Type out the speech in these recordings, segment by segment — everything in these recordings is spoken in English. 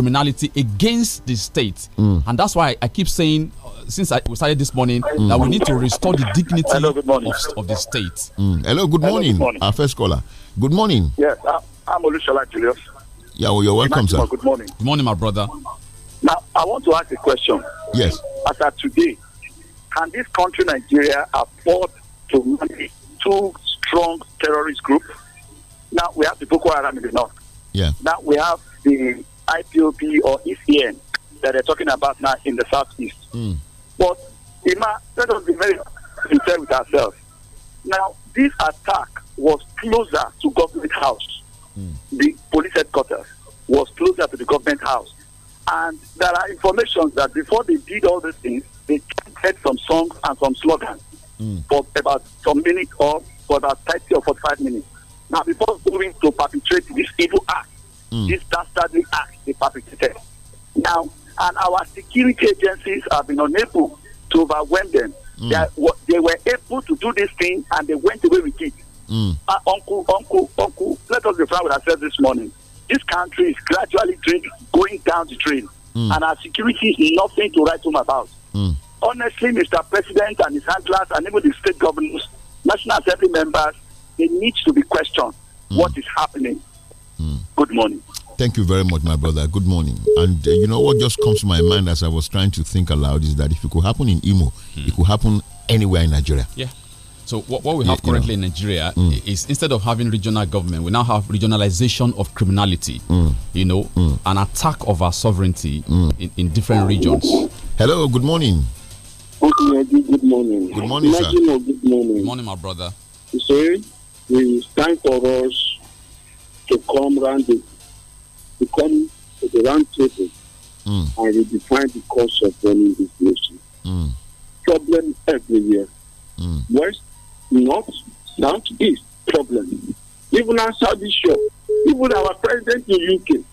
criminality against the state. Mm. And that's why I keep saying, uh, since I, we started this morning, mm. that we need to restore the dignity Hello, of, of, the state. Mm. Hello, good morning, Hello, good morning, our first caller. Good morning. Yes, I, I'm Olushola Julius. Yeah, well, you're welcome, sir. Good morning. Good morning, my brother. Now, I want to ask a question. Yes. As of today, can this country, Nigeria, afford to manage two strong terrorist groups? Now, we have the Boko Haram in the north. Yeah. Now, we have the IPOP or ECN that they're talking about now in the southeast. Mm. But Ima, let us be very sincere with ourselves. Now, this attack was closer to government house. Mm. The police headquarters was closer to the government house. And there are informations that before they did all these things, they had some songs and some slogans mm. for about some minutes or for about 30 or 45 minutes. Now, before going to perpetrate this evil act, Mm. This dastardly act they perpetrated. Now, and our security agencies have been unable to overwhelm them. Mm. They, are, they, were able to do this thing and they went away with it. Mm. Uh, uncle, uncle, uncle, let us be frank with ourselves this morning. This country is gradually going down the drain, mm. and our security is nothing to write home about. Mm. Honestly, Mr. President and his handlers, and even the state governors, National Assembly members, they need to be questioned mm. what is happening. Good morning. Thank you very much, my brother. Good morning. And uh, you know what just comes to my mind as I was trying to think aloud is that if it could happen in Imo, mm. it could happen anywhere in Nigeria. Yeah. So what, what we have yeah, currently you know. in Nigeria mm. is instead of having regional government, we now have regionalization of criminality. Mm. You know, mm. an attack of our sovereignty hmm. in, in different regions. Hello, good morning. Okay, good morning. Good morning, sir. Good morning. Good morning, my brother. You see, it's time for us to come round the to come to the round table mm. and redefine the course of running this nation. Mm. Problem everywhere. Mm. West, north, south, east, problem. Even our Saudi show, even our president in UK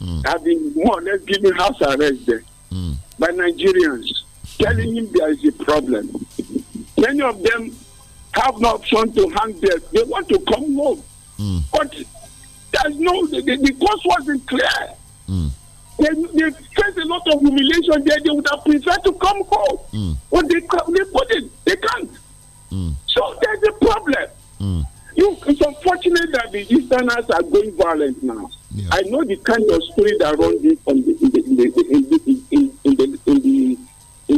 mm. have been more or less given house arrest there mm. by Nigerians, telling him there is a problem. Many of them have no option to hang there. They want to come home. Mm. But there's no the, the, the course wasn't clear. Mm. They, they faced a lot of humiliation there. They would have preferred to come home, mm. but they they couldn't. They can't. Mm. So there's a problem. Mm. You, it's unfortunate that the Easterners are going violent now. Yeah. I know the kind of story that runs in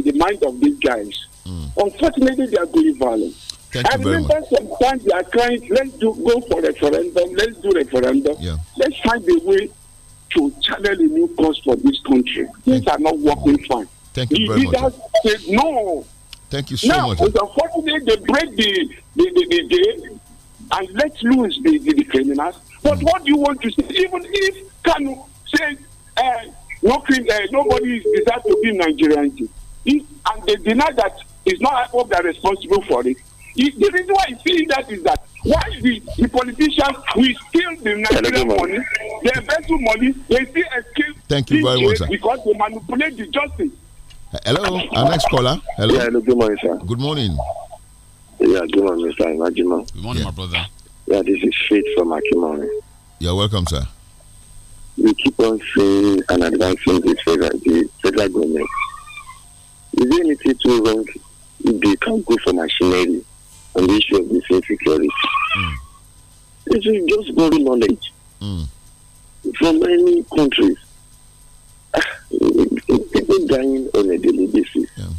the mind of these guys. Hmm. Unfortunately, they are going violent. Thank and you very much. Sometimes they are crying, let's do go for referendum, let's do referendum. Yeah. Let's find a way to channel a new course for this country. Things Thank are not working fine. Thank you the very much. Said no. Thank you so now, much. Now, it's they break the, the, the, the game and let loose the, the, the criminals. But mm. what do you want to see? Even if Kanu says uh, eh, no, uh, nobody is desired to be Nigerian, if, and they deny that it's not they that responsible for it, the reason why he's feel that is that why the, the politicians will steal the Nigerian money, the vessel money, they still escape. Thank you very much, Because they manipulate the justice. Hello, our next caller. Hello. Yeah, hello, good morning, sir. Good morning. Yeah, good morning, Good morning, yeah. my brother. Yeah, this is Faith from Akimori. You're welcome, sir. We keep on seeing and advancing the federal, the federal government. Is there anything too wrong? They can't go for machinery on the issue of the safety, Mm. It is just borrowing knowledge mm. from many countries. People dying on a daily basis. Yeah.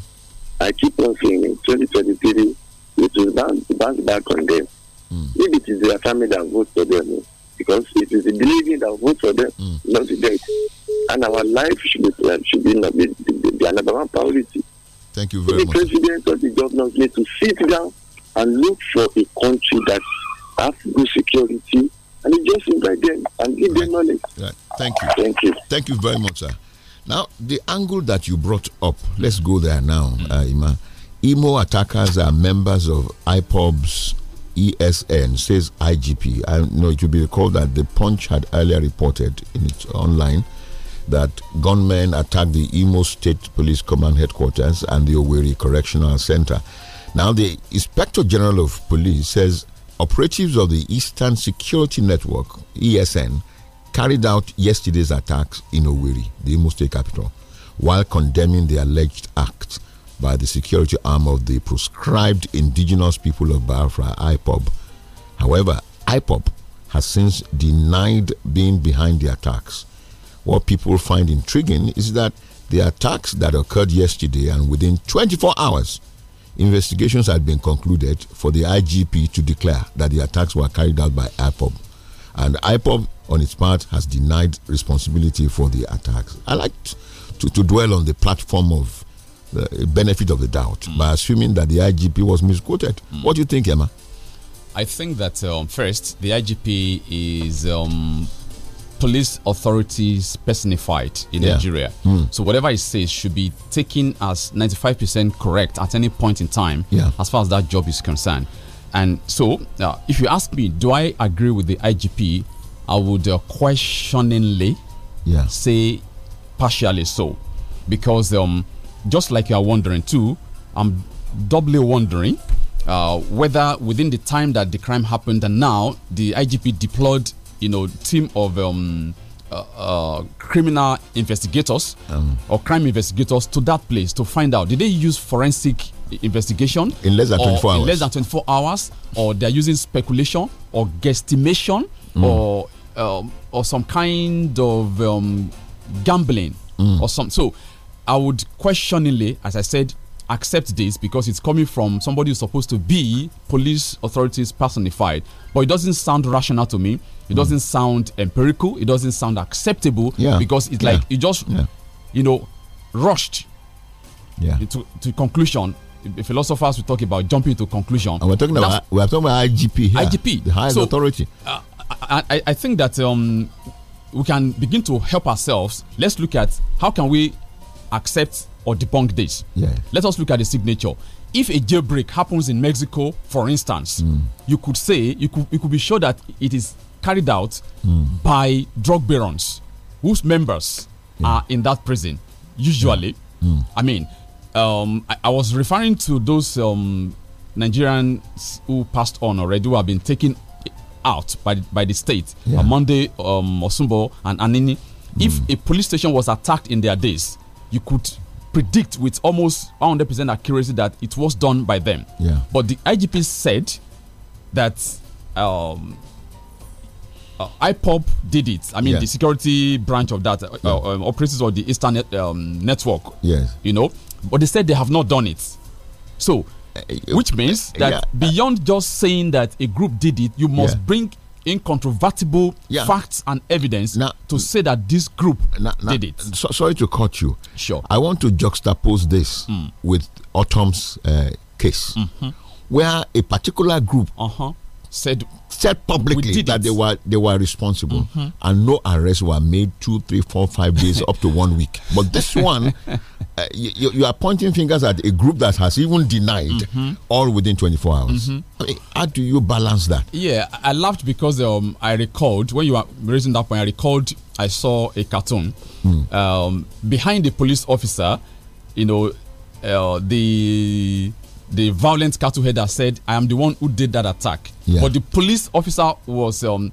I keep on saying in 2023, it will bounce, bounce back on them. Mm. If it is their family that votes for them, because it is the believing that votes for them, mm. not the death. And our life should be, uh, should be, be, be, be, one priority. Thank you very the much. The president or the governors need to sit down and look for a country that has good security and just invite them and give right. them knowledge. Right. Thank you. Thank you. Thank you very much, sir. Now, the angle that you brought up, let's go there now, mm. uh, Ima. Imo attackers are members of IPOB's ESN, says IGP. I know it will be recalled that the Punch had earlier reported in its online that gunmen attacked the Imo State Police Command headquarters and the Owerri Correctional Center. Now, the Inspector General of Police says operatives of the Eastern Security Network, ESN, carried out yesterday's attacks in Owiri, the Imo State capital, while condemning the alleged act by the security arm of the proscribed indigenous people of Biafra, IPOB. However, IPOB has since denied being behind the attacks. What people find intriguing is that the attacks that occurred yesterday and within 24 hours Investigations had been concluded for the IGP to declare that the attacks were carried out by IPOB. And IPOB, on its part, has denied responsibility for the attacks. I like to, to dwell on the platform of the benefit of the doubt mm. by assuming that the IGP was misquoted. Mm. What do you think, Emma? I think that um, first, the IGP is um, police authorities personified in yeah. Nigeria. Mm. So whatever he says should be taken as 95% correct at any point in time yeah. as far as that job is concerned. And so, uh, if you ask me, do I agree with the IGP? I would uh, questioningly yeah. say partially so. Because um, just like you are wondering too, I'm doubly wondering uh, whether within the time that the crime happened and now the IGP deployed you know team of um, uh, uh, criminal investigators um. or crime investigators to that place to find out did they use forensic investigation in less than 24 hours in less than 24 hours or they're using speculation or guesstimation mm. or um, or some kind of um, gambling mm. or some so i would questioningly as i said accept this because it's coming from somebody who's supposed to be police authorities personified. But it doesn't sound rational to me. It hmm. doesn't sound empirical. It doesn't sound acceptable yeah. because it's yeah. like it just, yeah. you know, rushed yeah. to, to conclusion. Philosophers we talk about jumping to conclusion. And we're talking That's, about we're talking about IGP here, IGP, the highest so, authority. Uh, I, I think that um, we can begin to help ourselves. Let's look at how can we accept or debunk this. Let us look at the signature. If a jailbreak happens in Mexico, for instance, mm. you could say you could you could be sure that it is carried out mm. by drug barons whose members yeah. are in that prison. Usually, yeah. mm. I mean, um, I, I, was referring to those um, Nigerians who passed on already who have been taken out by by the state. Yeah. Monday, um, Osumbo and Anini. If hmm. a police station was attacked in their days, you could predict with almost 100% accuracy that it was done by them. Yeah. But the IGP said that um, uh, IPOP did it. I mean, the security branch of that uh, yeah. uh, um, operates or the Eastern net, um, network. Yes. You know, but they said they have not done it. So, eh, eh, which means eh, that yeah. beyond just saying that a group did it, you must bring incontrovertible yeah. facts and evidence now, to say that this group now, now, did it. So, sorry to cut you. Sure. I want to juxtapose this mm. with Autumn's uh, case, mm -hmm. where a particular group uh -huh said said publicly that it. they were they were responsible mm -hmm. and no arrests were made two three four five days up to one week but this one uh, you, you, are pointing fingers at a group that has even denied mm -hmm. all within 24 hours mm -hmm. I mean, how do you balance that yeah i laughed because um, i recalled when you were raising that point i recalled i saw a cartoon hmm. um, behind the police officer you know uh, the the violent cattle header said, I am the one who did that attack. Yeah. But the police officer was um,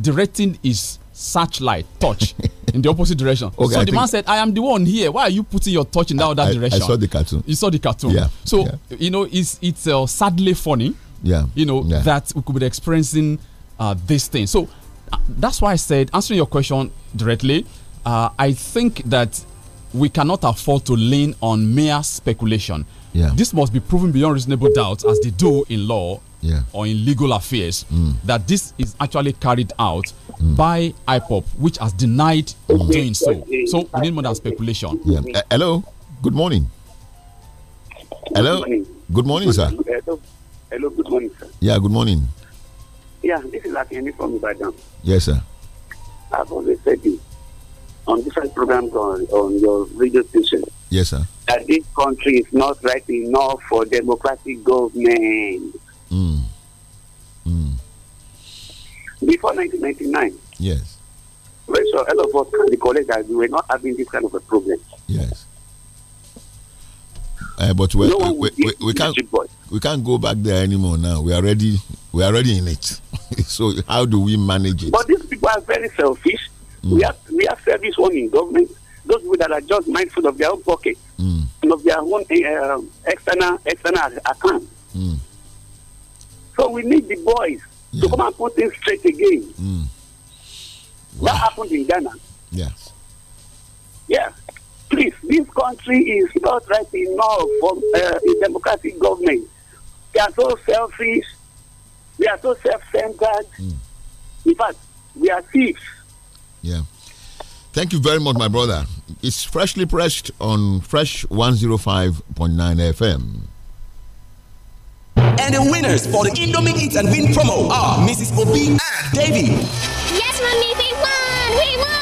directing his searchlight torch in the opposite direction. Okay, so I the man said, I am the one here. Why are you putting your torch in that I, other I, direction? I saw the cartoon. You saw the cartoon. Yeah. So, yeah. you know, it's, it's uh, sadly funny, Yeah. you know, yeah. that we could be experiencing uh, this thing. So uh, that's why I said, answering your question directly, uh, I think that we cannot afford to lean on mere speculation. Yeah. This must be proven beyond reasonable doubt, as they do in law yeah. or in legal affairs, mm. that this is actually carried out mm. by IPOP, which has denied mm. doing so. So we need more than speculation. Yeah. Uh, hello. Good morning. Hello. Good morning, good morning sir. Hello. Hello. Good morning, sir. Yeah. Good morning. Yeah. This is Akemi from Ibadan. Yes, sir. I've always said this on different programs on, on your radio station Yes, sir. That this country is not right enough for democratic government. Mm. Mm. Before 1999. Yes. So a lot of us can recollect that we were not having this kind of a problem. Yes. Uh, but no we, we, we, we can't we can't go back there anymore now. We are already we are already in it. so how do we manage it? But these people are very selfish. Mm. We have we have service one in government those people that are just mindful of their own pocket mm. and of their own uh, external external account. Mm. So we need the boys yeah. to come and put things straight again. Mm. Wow. That happened in Ghana. Yes. Yeah. Please, this country is not right enough for uh, a democratic government. They are so selfish. They are so self-centered. Hmm. In fact, we are thieves. Yeah. Thank you very much, my brother. It's freshly pressed on Fresh 105.9 FM. And the winners for the Indomie Eat and Win promo are Mrs. Obi and Davy. Yes, mommy, we won! We won!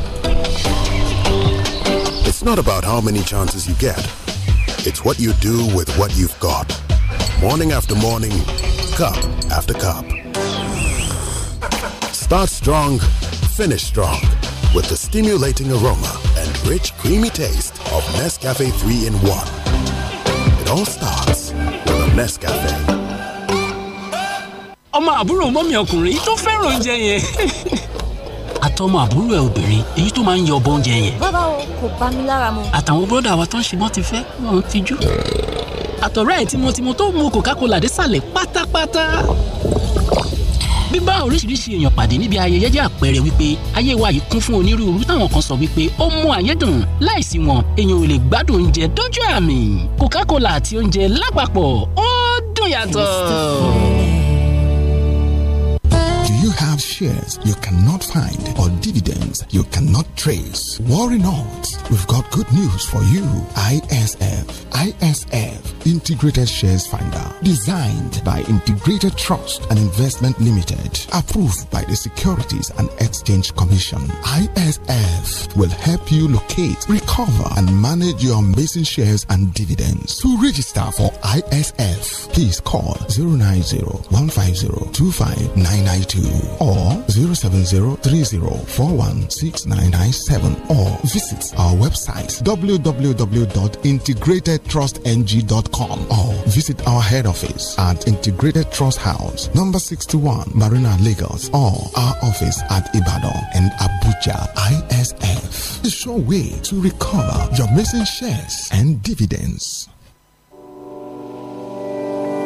it's not about how many chances you get, it's what you do with what you've got. Morning after morning, cup after cup. Start strong, finish strong with the stimulating aroma and rich, creamy taste of Nescafe 3 in 1. It all starts with a Nescafe. ọmọ àbúrò mọ́mí ọkùnrin tó fẹ́ràn oúnjẹ yẹn. àtọmọ àbúrò ẹ obìnrin èyí tó máa ń yọ ọbọ oúnjẹ yẹn. bàbá kò bá mi lára mu. àtàwọn bọ́dà wa tó ń ṣìbọn ti fẹ́ wọn ti jú. àtọ̀rẹ́ ẹ̀ tímọ́tímọ́ tó mu coca-cola désàlẹ̀ pátápátá. bíbá oríṣiríṣi èèyàn pàdé níbi ayẹyẹ jẹ́ àpẹẹrẹ wípé ayé wa yìí kún fún onírúurú táwọn kan sọ wípé ó mú àyẹ́dùn láìsí wọn èèyàn ò lè gbádùn oúnjẹ dójú àmì coca-cola àti oúnjẹ lápapọ̀ ó dùn yàtọ̀. have shares you cannot find or dividends you cannot trace. Worry not, we've got good news for you. ISF, ISF, Integrated Shares Finder, designed by Integrated Trust and Investment Limited, approved by the Securities and Exchange Commission. ISF will help you locate, recover, and manage your missing shares and dividends. To register for ISF, please call 090 150 25992 or 0703041697 or visit our website www.integratedtrustng.com or visit our head office at Integrated Trust House, number 61, Marina Lagos, or our office at Ibadan and Abuja ISF. The sure way to recover your missing shares and dividends.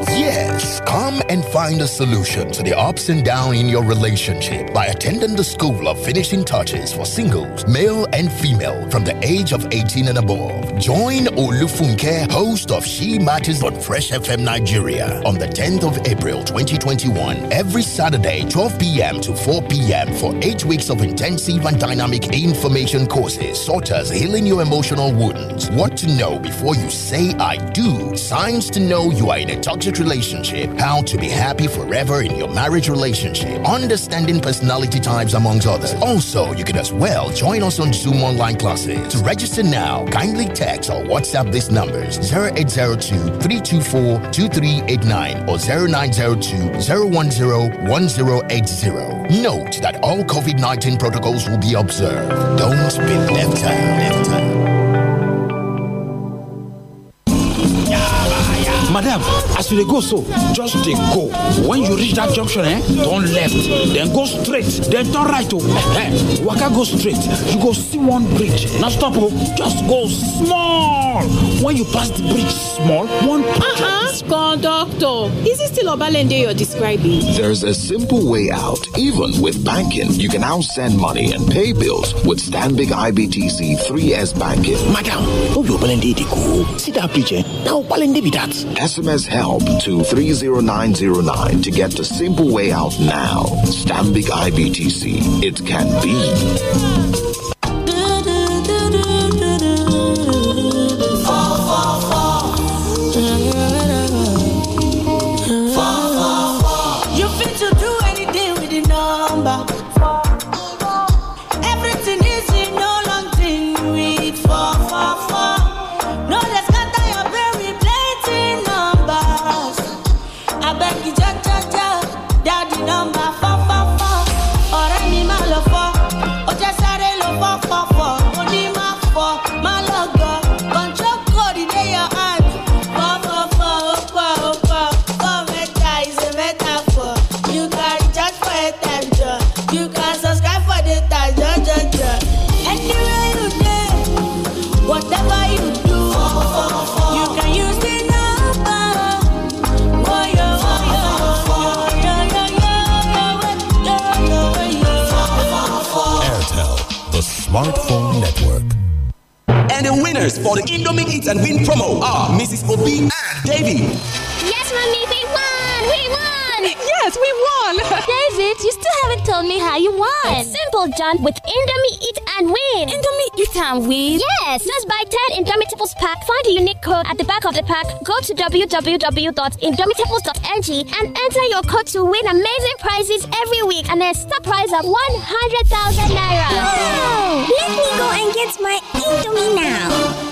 Yes. Come and find a solution to the ups and downs in your relationship by attending the School of Finishing Touches for singles, male and female, from the age of 18 and above. Join Olufunke, host of She Matters on Fresh FM Nigeria, on the 10th of April 2021, every Saturday, 12 p.m. to 4 p.m. for eight weeks of intensive and dynamic information courses, such as healing your emotional wounds, what to know before you say I do, signs to know you are in a toxic marriage relationship, how to be happy forever in your marriage relationship, understanding personality types, amongst others. Also, you can as well join us on Zoom online classes. To register now, kindly text or WhatsApp these numbers 0802 324 2389 or 0902 010 1080. Note that all COVID 19 protocols will be observed. Don't be left out. Left out. madam as you go so just they go when you reach that junction eh turn left then go straight then turn right Oh, eh, eh waka go straight you go see one bridge Now stop Oh, just go small when you pass the bridge small one. Uh-uh. Conductor, is it still Obalende you're describing? There's a simple way out. Even with banking, you can now send money and pay bills with Stanbic IBTC 3S banking. Madam, Obalende dey go. See that bridge, eh? Now Obalende be that. That's SMS help to 30909 to get the simple way out now. Stambik IBTC. It can be. Eat and Win promo are Mrs. Obi and Davy. Yes, mommy, we won! We won! Yes, we won! David, you still haven't told me how you won. It's simple, John, with Indomie Eat and Win. Indomie Eat and Win? Yes! Just buy 10 Indomie Tipples pack, find the unique code at the back of the pack, go to www.indomitables.ng and enter your code to win amazing prizes every week and a star prize of 100,000 Naira. Wow! Let me go and get my Indomie now.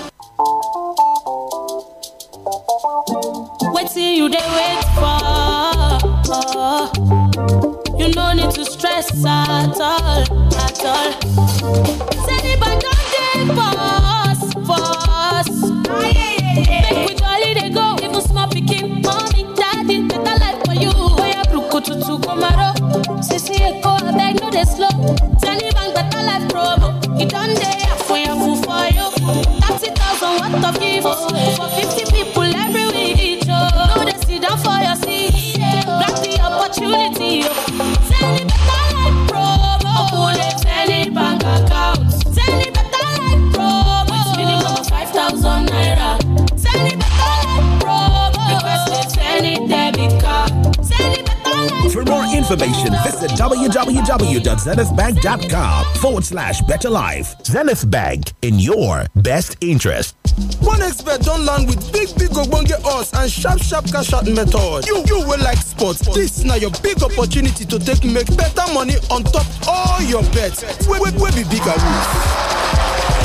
Waiting you they wait for. You no need to stress at all, at all. Send back on day for us, for us. Oh, we jolly they go, even small picking. Mommy, daddy, better life for you. Oya bruku tutu komaro. See eko, I beg no they slow. Taliban better life promo. You done for your. information, visit www.zenithbank.com forward slash better life. Zenith Bank, in your best interest. One expert don't learn with big, big obonge us and sharp, sharp cash out method. You, you will like sports. This now your big opportunity to take make better money on top all your bets. We, we, we be bigger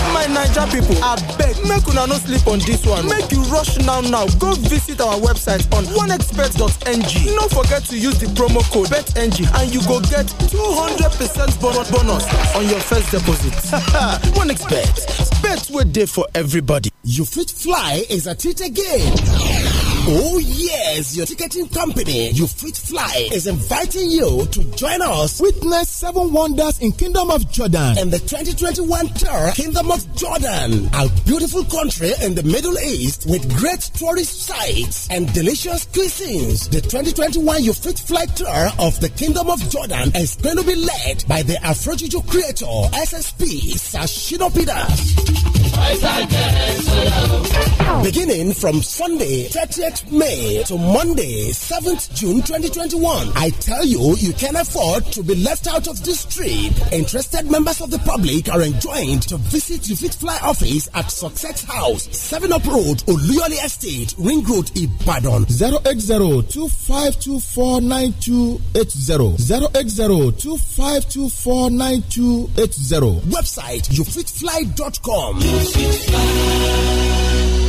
my people, I beg, make una no sleep on this one make you rush now now go visit our website on do no forget to use the promo code betng and you go get 200 percent bonus on your first deposit onexpert bet wey dey for everybody. you fit fly is a treat again Oh, yes, your ticketing company, You Fit Fly, is inviting you to join us. Witness seven wonders in Kingdom of Jordan and the 2021 tour Kingdom of Jordan, a beautiful country in the Middle East with great tourist sites and delicious cuisines. The 2021 You Fit Fly tour of the Kingdom of Jordan is going to be led by the Afrojuju creator, SSP Sashinopidas, Beginning from Sunday, 30th May to Monday, 7th June 2021. I tell you, you can afford to be left out of this trip. Interested members of the public are enjoined to visit the Fit Fly office at Success House, 7 Up Road, Oluyole Estate, Ring Road, Ibadan. 080-2524-9280. 080-2524-9280. Website youfitfly.com. You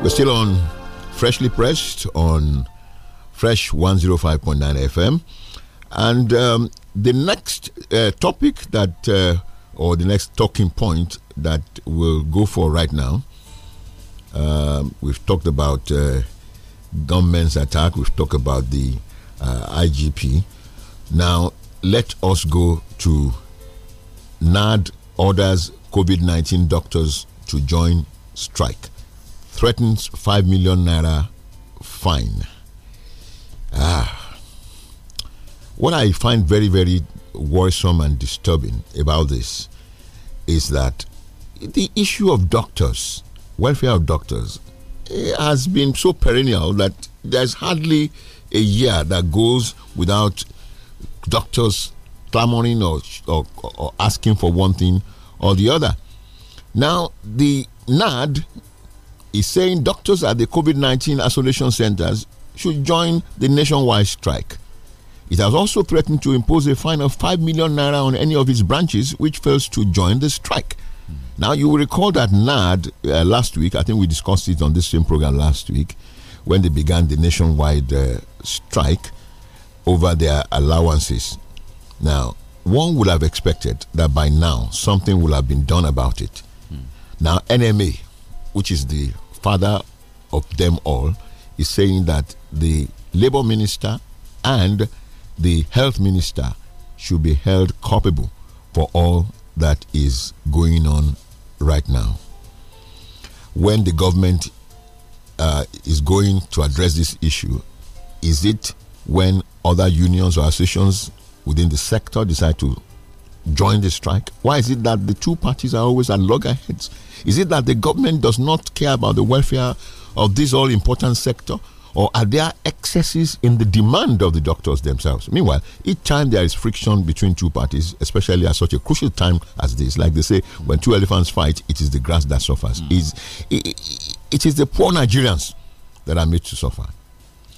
We're still on Freshly Pressed on Fresh 105.9 FM. And um, the next uh, topic that, uh, or the next talking point that we'll go for right now, um, we've talked about uh, government's attack, we've talked about the uh, IGP. Now, let us go to NAD orders COVID 19 doctors to join strike threatens 5 million naira fine. Ah. What I find very, very worrisome and disturbing about this is that the issue of doctors, welfare of doctors, eh, has been so perennial that there's hardly a year that goes without doctors clamoring or, or, or asking for one thing or the other. Now, the NAD, is saying doctors at the COVID 19 isolation centers should join the nationwide strike. It has also threatened to impose a fine of 5 million naira on any of its branches which fails to join the strike. Now, you will recall that NAD uh, last week, I think we discussed it on this same program last week, when they began the nationwide uh, strike over their allowances. Now, one would have expected that by now something would have been done about it. Mm. Now, NMA, which is the father of them all, is saying that the labor minister and the health minister should be held culpable for all that is going on right now. When the government uh, is going to address this issue, is it when other unions or associations within the sector decide to join the strike? Why is it that the two parties are always at loggerheads? Is it that the government does not care about the welfare of this all important sector? Or are there excesses in the demand of the doctors themselves? Meanwhile, each time there is friction between two parties, especially at such a crucial time as this, like they say, when two elephants fight, it is the grass that suffers. Mm. Is it, it is the poor Nigerians that are made to suffer.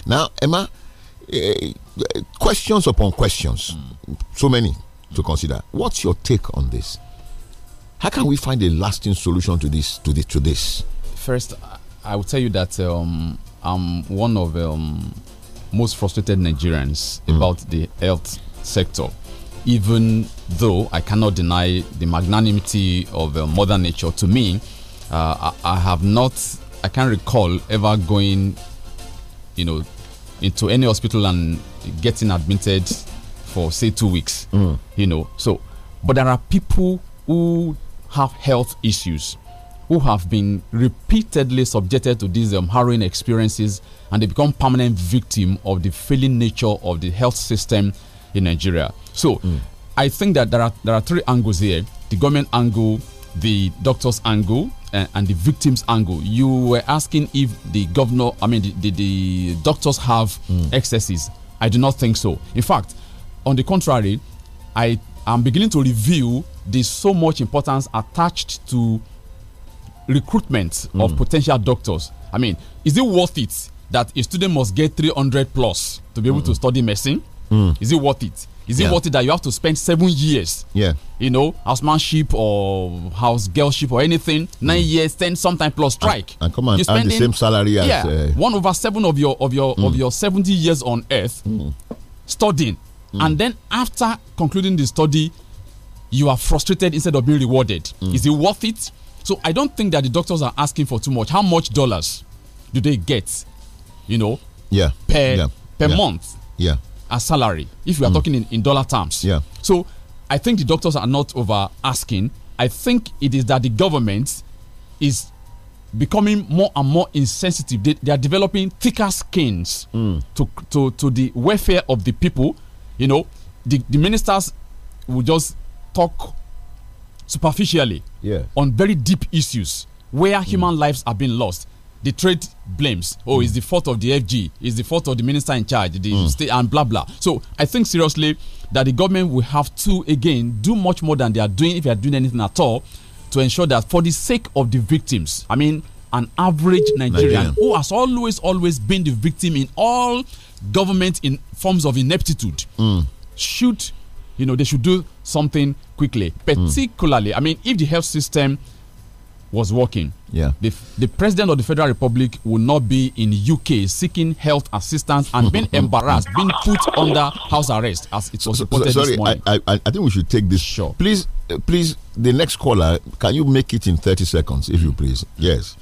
Now, Emma, uh, questions upon questions, mm. so many to consider. What's your take on this? How can we find a lasting solution to this? To this? To this? First, I will tell you that um, I'm one of um, most frustrated Nigerians mm. about the health sector. Even though I cannot deny the magnanimity of uh, Mother Nature, to me, uh, I, I have not, I can't recall ever going, you know, into any hospital and getting admitted for say two weeks. Mm. You know, so but there are people who have health issues who have been repeatedly subjected to these um, harrowing experiences and they become permanent victim of the failing nature of the health system in Nigeria. So mm. I think that there are there are three angles here: the government angle, the doctor's angle, and the victim's angle. You were asking if the governor, I mean, the, the, the doctors have mm. excesses. I do not think so. In fact, on the contrary, I am beginning to review the so much importance attached to recruitment mm. of hmm. potential doctors. I mean, is it worth it that a student must get 300 plus to be able mm. to hmm. study medicine? Mm. Is it worth it? Is yeah. it worth it that you have to spend seven years? Yeah. You know, housemanship or house girlship or anything, hmm. nine years, ten sometimes plus strike. And, and come on, you spend the same salary yeah, as uh, one over seven of your of your of your seventy years on earth studying Mm. And then after concluding the study, you are frustrated instead of being rewarded. Mm. Is it worth it? So I don't think that the doctors are asking for too much. How much dollars do they get? You know, yeah, per yeah. per yeah. month, yeah, a salary. If we are mm. talking in, in dollar terms, yeah. So I think the doctors are not over asking. I think it is that the government is becoming more and more insensitive. They, they are developing thicker skins mm. to, to to the welfare of the people you know, the, the ministers will just talk superficially yeah. on very deep issues where mm. human lives are being lost. The trade blames, oh, mm. it's hmm. the fault of the FG, it's the fault of the minister in charge, the mm. state, and blah blah. So I think seriously that the government will have to again do much more than they are doing if they are doing anything at all to ensure that for the sake of the victims, I mean, an average Nigerian, Nigerian. who has always always been the victim in all government in forms of ineptitude mm. should, you know, they should do something quickly. Mm. Particularly, mm. I mean, if the health system was working, yeah, the, the president of the Federal Republic would not be in UK seeking health assistance and being embarrassed, being put under house arrest, as it was reported so, so, Sorry, I, I, I think we should take this. Sure, please, uh, please, the next caller, can you make it in thirty seconds, if you please? Yes.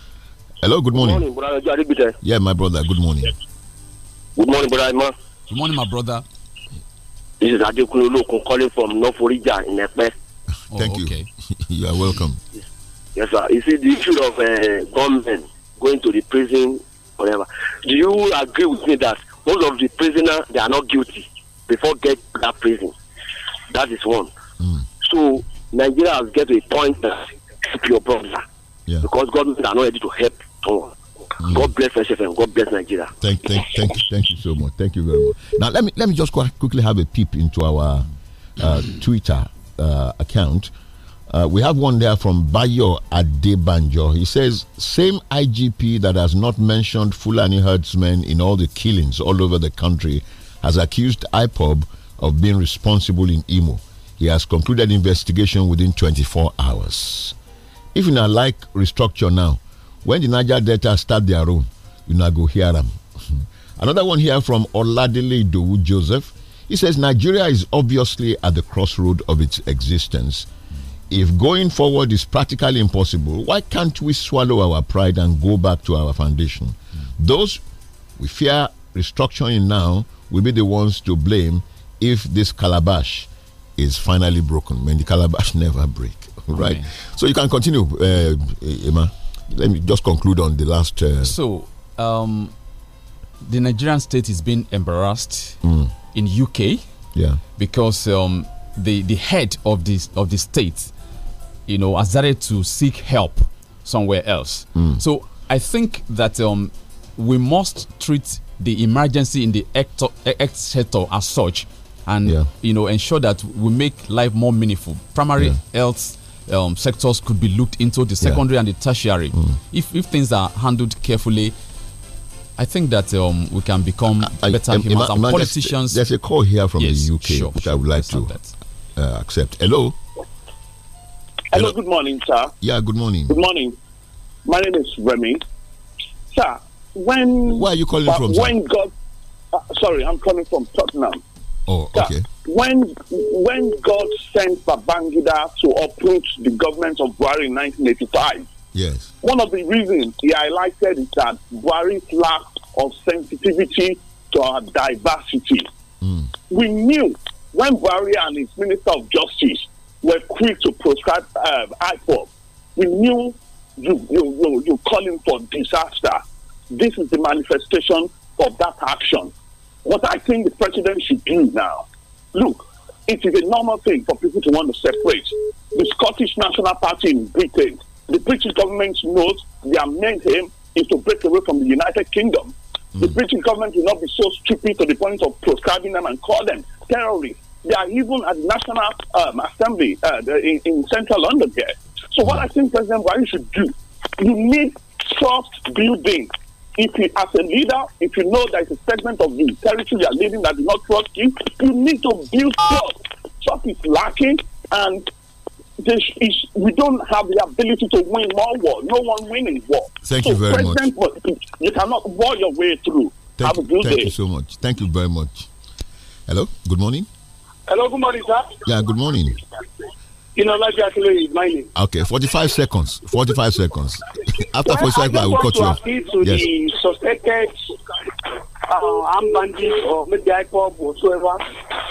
Hello, good morning. Good morning, brother. Yeah, my brother. Good morning. Yes. Good morning, brother Good morning, my brother. This is Adekunle Olokun calling from North Orija in Epe. Oh, Thank you. Okay. you are welcome. Yes, sir. You see, the issue of uh, government going to the prison, whatever. Do you agree with me that most of the prisoners, they are not guilty before get to that prison? That is one. Mm. So, Nigeria has get to a point that help your brother. Yeah. Because government are not ready to help someone. God bless SFM. God bless Nigeria. Thank, thank, thank, you, thank you so much. Thank you very much. Now let me let me just quickly have a peep into our uh, Twitter uh, account. Uh, we have one there from Bayo Adebanjo. He says, same IGP that has not mentioned Fulani herdsmen in all the killings all over the country has accused IPOB of being responsible in Imo. He has concluded investigation within 24 hours. If you now like restructure now, when the Niger Delta start their own, you know, I go hear them. Another one here from Oladile Dowu Joseph. He says Nigeria is obviously at the crossroad of its existence. If going forward is practically impossible, why can't we swallow our pride and go back to our foundation? Those we fear restructuring now will be the ones to blame if this calabash is finally broken. When the calabash never break, right? Okay. So you can continue, uh, Emma let me just conclude on the last. Uh, so, um, the Nigerian state is being embarrassed mm. in UK. Yeah. Because um, the the head of this of the state, you know, has started to seek help somewhere else. Mm. So I think that um, we must treat the emergency in the ex sector as such, and yeah. you know, ensure that we make life more meaningful. Primary yeah. health um, sectors could be looked into the secondary yeah. and the tertiary. Mm. If, if things are handled carefully, I think that um, we can become I, better I, um, humans and politicians. There's a call here from yes, the UK sure, which sure, I would like to uh, accept. Hello. Hello. Good morning, sir. Yeah. Good morning. Good morning. My name is Remy. Sir, when where are you calling uh, from? When God, uh, sorry, I'm calling from Tottenham. Oh, okay. When when God sent Babangida to uproot the government of Buhari in 1985, yes, one of the reasons he highlighted is that Buhari's lack of sensitivity to our diversity. Mm. We knew when Buhari and his Minister of Justice were quick to prescribe uh, um, IPOP, we knew you, you, you, you calling for disaster. This is the manifestation of that action. What I think the president should do now, look, it is a normal thing for people to want to separate the Scottish National Party in Britain. The British government knows their main aim is to break away from the United Kingdom. Mm. The hmm. British government will not be so stupid to the point of proscribing them and call them terrorists. They are even at the National um, Assembly uh, in, in, central London here. So, what I think President Biden should do, you need trust building if you, as a leader, if you know there is a segment of the territory you are leading that do not trust you, you need to build trust. Trust is lacking, and is, we don't have the ability to win more war. No one winning war. Thank so you very much. You cannot war your way through. Thank, have you, thank you so much. Thank you very much. Hello. Good morning. Hello. Good morning, sir. Yeah. Good morning. You know, like is my name. Okay, 45 seconds. 45 seconds. After 45 seconds, I, will cut you off. to yes. the suspected uh, armed bandits or maybe IPOB whatsoever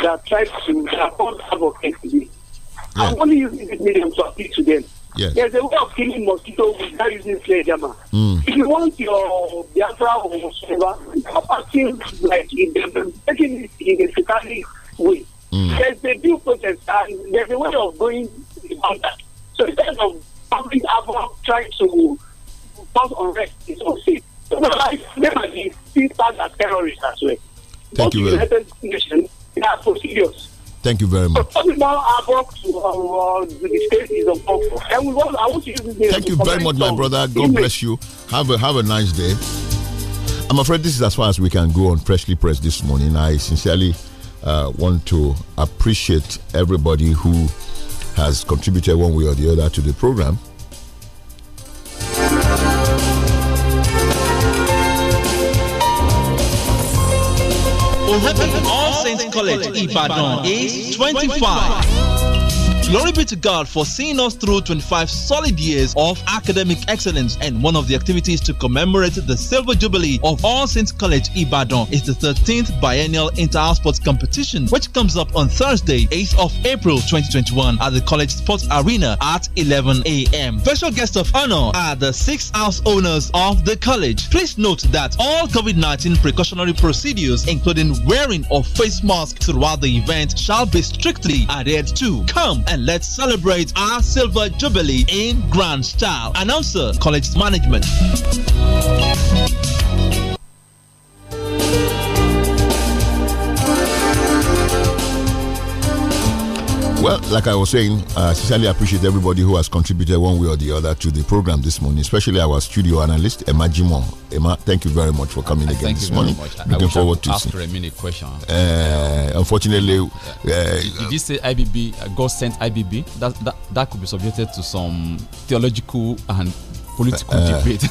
that tried to support advocacy. Yeah. I'm only using this medium to appeal to them. Yes. There's a way of killing mosquitoes without using sledgehammer. Mm. If you want your Biafra or whatever, stop acting like in the, taking it in a satanic way. Mm. There's a due process and there's a way of going about that. So instead of public about trying to cause unrest, it's unsafe. So I them as the sisters as terrorists as well. Thank you very much. Nations, they are procedures. Thank you very much. Uh, uh, Thank you very much, my brother. God bless you. Have a have a nice day. I'm afraid this is as far as we can go on freshly press this morning. I sincerely uh, want to appreciate everybody who has contributed one way or the other to the program. All Saints College Ibadan is 25. Glory be to God for seeing us through 25 solid years of academic excellence. And one of the activities to commemorate the Silver Jubilee of All Saints College Ibadan is the 13th Biennial Inter-House Sports Competition, which comes up on Thursday, 8th of April 2021 at the College Sports Arena at 11 a.m. Special guests of honor are the six house owners of the college. Please note that all COVID 19 precautionary procedures, including wearing of face masks throughout the event, shall be strictly adhered to. Come and let's celebrate our silver jubilee in grand style. And also, college management. Well, like I was saying, I sincerely appreciate everybody who has contributed one way or the other to the program this morning, especially our studio analyst, Emma Jimon. Emma, thank you very much for coming I again this morning. Much. Looking forward to after seeing. a minute question. Uh, unfortunately, yeah. uh, did, you say IBB? God sent IBB. That that that could be subjected to some theological and political uh, debate.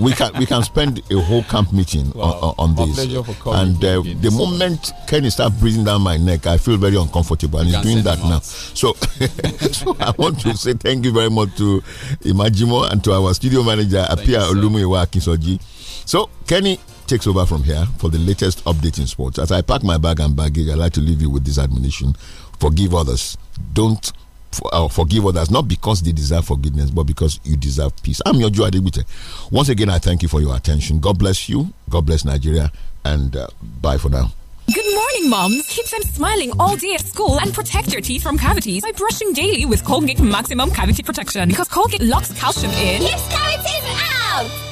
we can we can spend a whole camp meeting well, on, on this. and uh, the moment Kenny starts breathing down my neck, I feel very uncomfortable, and he's doing that now. So, so I want to say thank you very much to Imajimo and to our studio manager Apia Olumuyiwa Kisoji. So Kenny takes over from here for the latest update in sports. As I pack my bag and baggage, I like to leave you with this admonition: forgive others. Don't for, uh, forgive others, not because they deserve forgiveness, but because you deserve peace. I'm your Joe Adibute. Once again, I thank you for your attention. God bless you. God bless Nigeria. And uh, bye for now. Good morning, moms. Keep them smiling all day at school and protect your teeth from cavities by brushing daily with Colgate Maximum Cavity Protection. Because Colgate locks calcium in. Keeps cavities out!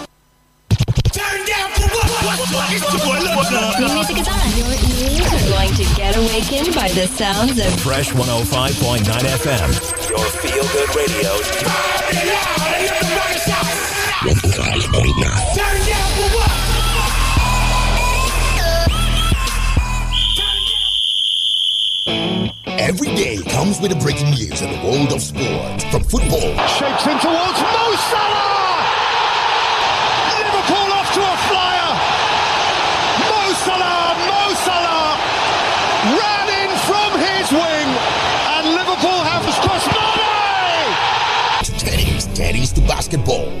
music is on. Your ears are going to get awakened by the sounds of Fresh 105.9 FM. Your feel good radio. Turn down for what? Every day comes with a breaking news in the world of sports. From football, shapes in towards Mo Salah! basketball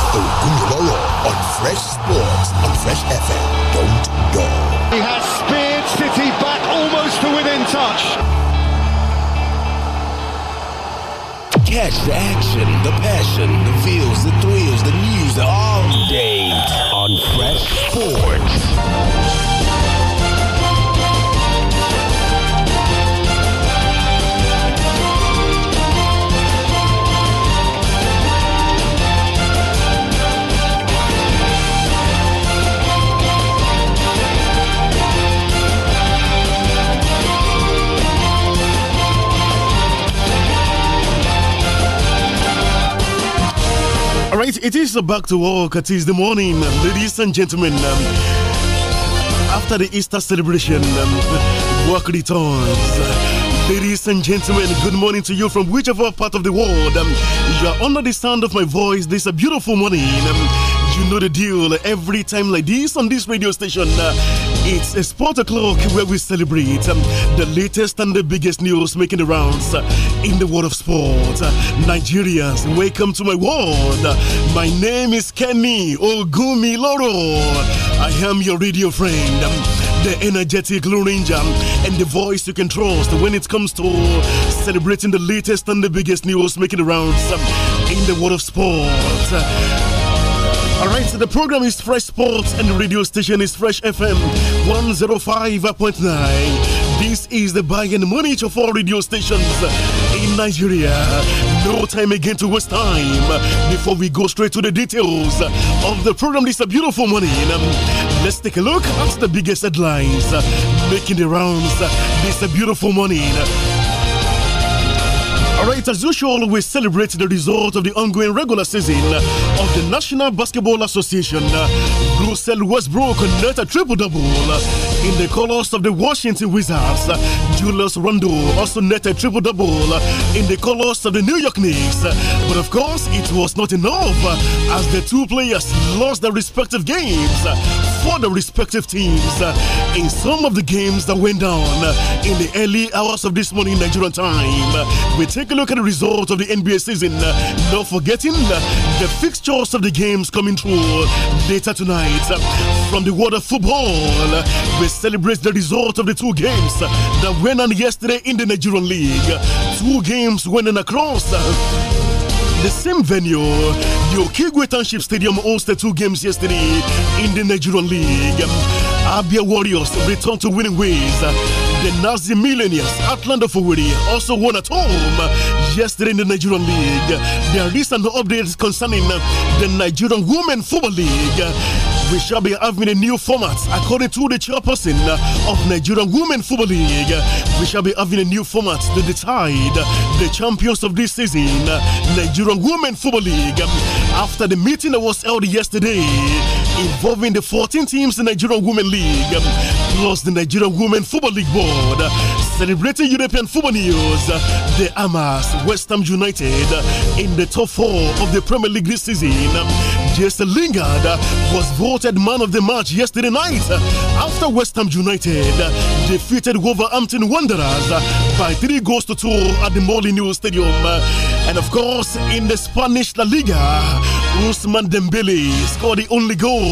Ogunloro on Fresh Sports on Fresh FM. Don't go. He has speared City back almost to within touch. Catch the action, the passion, the feels, the thrills, the news, the all it is back to work. It is the morning, ladies and gentlemen. Um, after the Easter celebration, um, work returns. Ladies and gentlemen, good morning to you from whichever part of the world um, you are under the sound of my voice. This is a beautiful morning. Um, you know the deal. Every time like this on this radio station. Uh, it's a sport o'clock where we celebrate um, the latest and the biggest news making the rounds uh, in the world of sport. Uh, Nigerians, welcome to my world. Uh, my name is Kenny Ogumi Loro. I am your radio friend. Um, the energetic Lone Ranger um, and the voice you can trust when it comes to celebrating the latest and the biggest news making the rounds um, in the world of sport. All right, so the program is Fresh Sports and the radio station is Fresh FM 105.9. This is the and money of all radio stations in Nigeria. No time again to waste time before we go straight to the details of the program this beautiful morning. Um, let's take a look at the biggest headlines making the rounds this beautiful morning. All right, as usual, we celebrate the result of the ongoing regular season of the National Basketball Association. Russell Westbrook net a triple double in the colors of the Washington Wizards. Julius Rondo also net a triple double in the colors of the New York Knicks. But of course, it was not enough as the two players lost their respective games for the respective teams uh, in some of the games that went down uh, in the early hours of this morning Nigerian time. Uh, we take a look at the results of the NBA season, not forgetting the fixtures of the games coming through later tonight. From the world of football, we celebrate the result of the two games that went on yesterday in the Nigerian League. Two games went across the same venue the Okigwe Township Stadium hosted two games yesterday in the Nigerian League. Abia Warriors returned to winning ways. The Nazi Millionaires, Atlanta Foweri, also won at home yesterday in the Nigerian League. There is an update concerning the Nigerian Women Football League we shall be having a new format according to the chairperson of Nigerian Women Football League. We shall be having a new format to decide the champions of this season, Nigerian Women Football League after the meeting that was held yesterday involving the 14 teams in the Nigerian Women League um, plus the Nigerian Women Football League Board celebrating European football news. The Amas, West Ham United in the top four of the Premier League this season um, Jesse Lingard was voted man of the match yesterday night after West Ham United defeated Wolverhampton Wanderers by three goals to two at the Molineux Stadium. And of course, in the Spanish La Liga, Usman Dembele scored the only goal.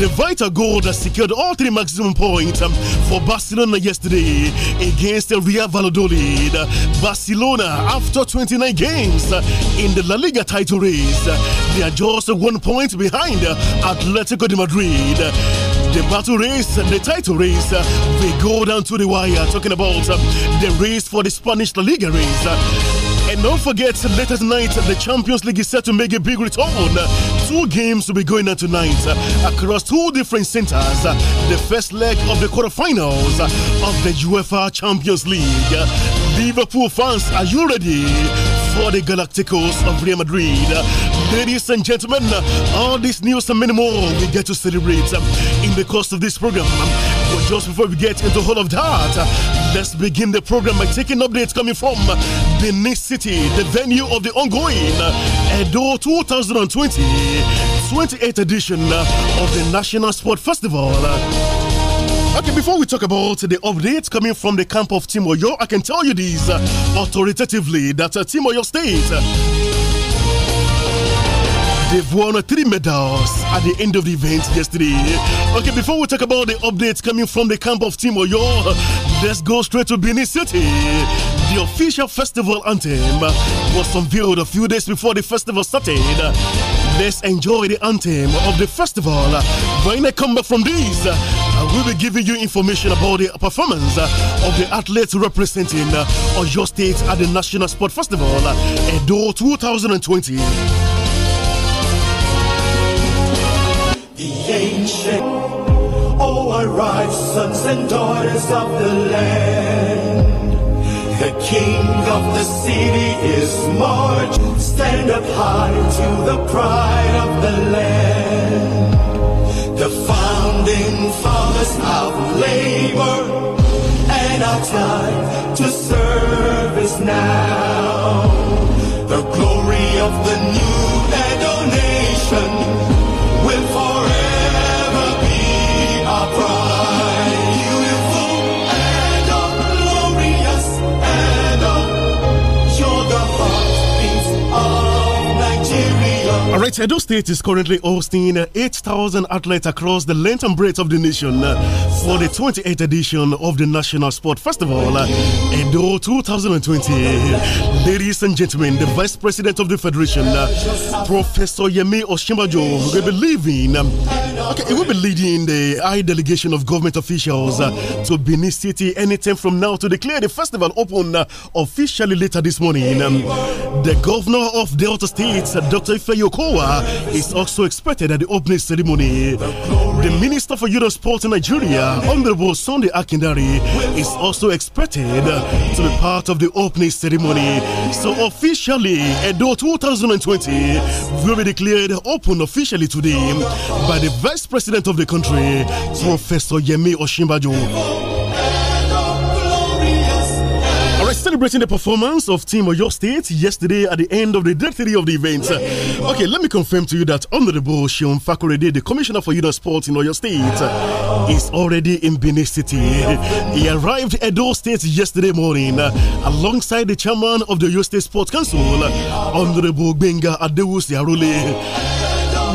The vital goal that secured all three maximum points um, for Barcelona yesterday against Real Valladolid. Barcelona, after 29 games uh, in the La Liga title race, uh, they are just one point behind uh, Atletico de Madrid the battle race, the title race, we go down to the wire. Talking about um, the race for the Spanish La Liga race. And don't forget, later tonight, the Champions League is set to make a big return. Two games will be going on tonight uh, across two different centers. Uh, the first leg of the quarterfinals of the UEFA Champions League. Liverpool fans, are you ready? for the Galacticos of Real Madrid. Ladies and gentlemen, all this news and many more we get to celebrate um, in the course of this program. But just before we get into all of that, let's begin the program by taking updates coming from Benin City, the venue of the ongoing Edo 2020 28th edition of the National Sport Festival. Okay, before we talk about the updates coming from the camp of Timoyo, I can tell you this authoritatively that uh, Timoyo State They've won three medals at the end of the event yesterday. Okay, before we talk about the updates coming from the camp of Team Oyo, let's go straight to Benin City. The official festival anthem was unveiled a few days before the festival started. Let's enjoy the anthem of the festival. When I come back from this, I will be giving you information about the performance of the athletes representing Oyo State at the National Sport Festival Edo 2020. arise, sons and daughters of the land. The king of the city is march. Stand up high to the pride of the land. The founding fathers of labor and our time to serve is now. The glory of the new right, Edo State is currently hosting 8,000 athletes across the length and breadth of the nation uh, for the 28th edition of the National Sport Festival, uh, Edo 2020. Ladies and gentlemen, the Vice President of the Federation, uh, Professor Yemi Oshimbajo, will be leaving. Um, okay, he will be leading the high delegation of government officials to Benin City anytime from now to declare the festival open officially later this morning. Um, the governor of Delta State, Dr. Ifeyo it's is also expected at the opening ceremony. The Minister for Youth Sports in Nigeria, Honorable Sunday Akindari, is also expected to be part of the opening ceremony. So officially, Edo 2020 will be declared open officially today by the Vice President of the country, Professor Yemi Oshimbajo. celebrating the performance of Team Oyo State yesterday at the end of the day three of the event. Okay, let me confirm to you that Honorable Shion Fakorede, the Commissioner for Youth Sports in Oyo State, is already in Benin City. He arrived at Oyo State yesterday morning uh, alongside the Chairman of the Oyo State Sports Council, uh, Honorable Benga Adewusi Arule.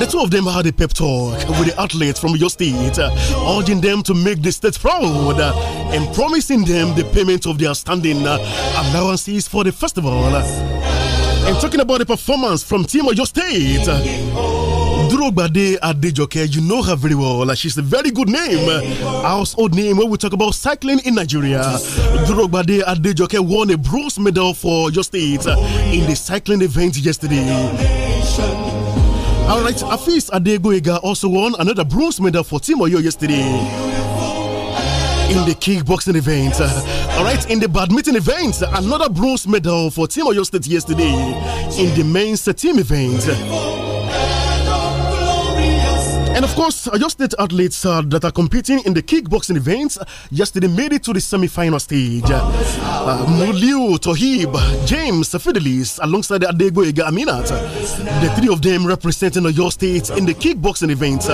The two of them had a pep talk with the athletes from your state, uh, urging them to make the state proud uh, and promising them the payment of their standing uh, allowances for the festival. And talking about the performance from Team of your State. Drogbade Adejoke, you know her very well. She's a very good name, household name when we talk about cycling in Nigeria. Drogbade Adejoke won a bronze medal for your state in the cycling event yesterday. All right, Afis Adegoega also won another bronze medal for Team Oyo yesterday. In the kickboxing event, all right, in the badminton event, another bronze medal for Team Oyo State yesterday. In the men's team event. And of course, uh, your state athletes uh, that are competing in the kickboxing events uh, yesterday made it to the semi final stage. Uh, uh, Muliu, Tohib, James Fidelis, alongside Adegboyega Aminat, the three of them representing your state in the kickboxing events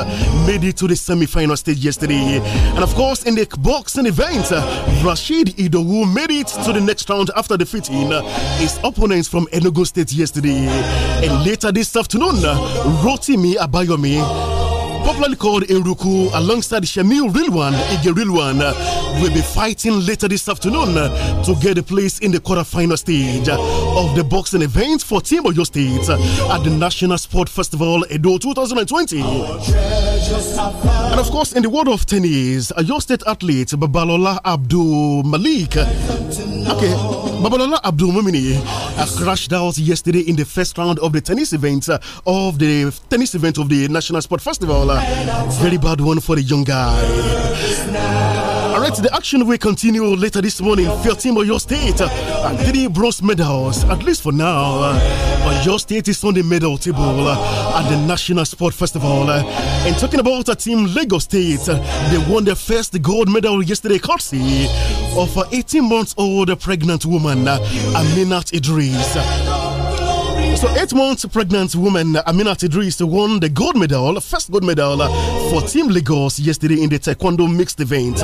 made it to the semi final stage yesterday. And of course, in the boxing event, Rashid Idowu made it to the next round after defeating his opponents from Enugu State yesterday. And later this afternoon, Rotimi Abayomi popularly called Eruku, alongside Shamil Rilwan, Ige one, will be fighting later this afternoon to get a place in the quarterfinal stage of the boxing event for Team Oyo State at the National Sport Festival Edo 2020. And of course, in the world of tennis, Oyo State athlete Babalola Abdul Malik. Okay, Babalola Abdul Mumini uh, crashed out yesterday in the first round of the tennis event uh, of the tennis event of the National Sport Festival. Very bad one for the young guy. All right, the action will continue later this morning. 13 Oyo State and uh, three bronze medals, at least for now. Uh, Oyo State is on the medal table uh, at the National Sport Festival. And talking about a team, Lagos State, they won their first gold medal yesterday, courtesy of 18 months old pregnant woman, Aminat Idris. So, eight months pregnant woman Amina Idris won the gold medal, first gold medal for Team Lagos yesterday in the Taekwondo mixed event.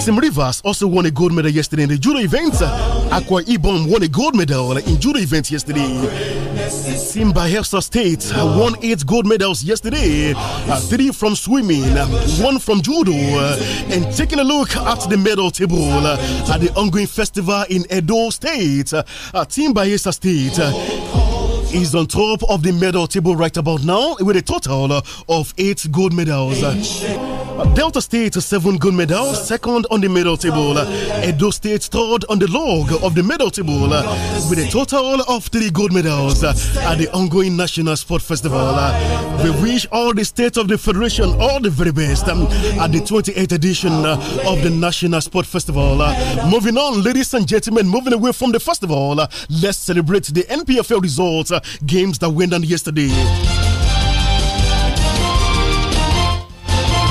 Sim Rivers also won a gold medal yesterday in the judo event. Aqua Ibom won a gold medal in judo event yesterday. Simba Helsa State won eight gold medals yesterday, uh, three from swimming, one from judo, and taking a look at the medal table uh, at the ongoing festival in Edo State, Team uh, Bayesa State is on top of the medal table right about now with a total of eight gold medals. Delta State seven gold medals, second on the medal table. Edo State third on the log of the medal table with a total of three gold medals at the ongoing National Sport Festival. We wish all the states of the federation all the very best um, at the 28th edition uh, of the National Sport Festival. Moving on, ladies and gentlemen, moving away from the festival, uh, let's celebrate the NPFL results uh, games that went on yesterday.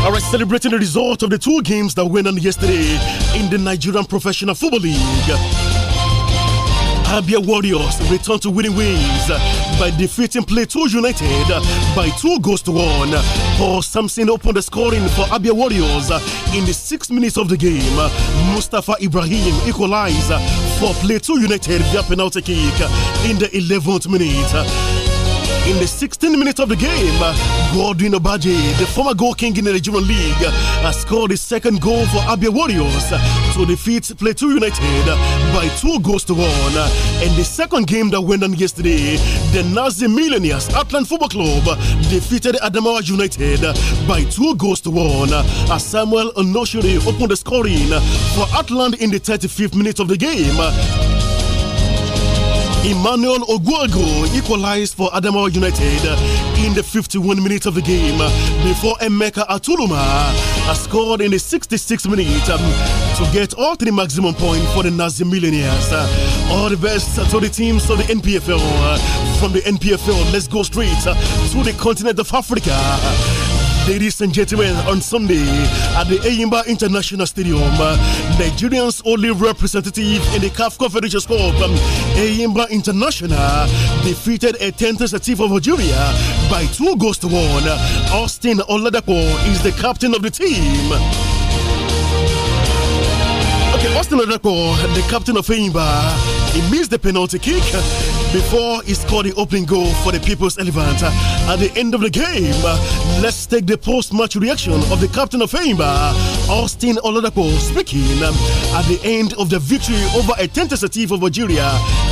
All right, celebrating the result of the two games that went on yesterday in the Nigerian Professional Football League. Abia Warriors return to winning ways by defeating Plateau United by two goals to one. Paul Samson opened the scoring for Abia Warriors in the six minutes of the game. Mustafa Ibrahim equalized for Plateau United via penalty kick in the 11th minute in the 16 minutes of the game, Godwin Obaje, the former goal king in the Nigerian League, scored his second goal for Abia Warriors to defeat Plateau United by two goals to one. In the second game that went on yesterday, the Nazi Millionaires Atlanta Football Club defeated Adamawa United by two goals to one. As Samuel Onoshiri opened the scoring for Atlanta in the 35th minute of the game. Emmanuel Oguago equalized for Adamawa United in the 51 minutes of the game before Emeka Atuluma scored in the 66 minutes um, to get all three maximum points for the Nazi Millionaires. Uh, all the best to the teams of the NPFL. Uh, from the NPFL, let's go straight uh, to the continent of Africa. Ladies and gentlemen, on Sunday at the Eyimba International Stadium, Nigeria's Nigerians only representative in the CAF Confederation Cup, um, Eyimba International, defeated a 10th of Algeria by two goals to one. Austin Oladapo is the captain of the team. Okay, Austin Oladapo, the captain of Eimba, he missed the penalty kick before he scored the opening goal for the People's Elephant. Uh, at the end of the game, uh, let's take the post-match reaction of the captain of EMBA, Austin Oladapo, speaking um, at the end of the victory over a tentative of Algeria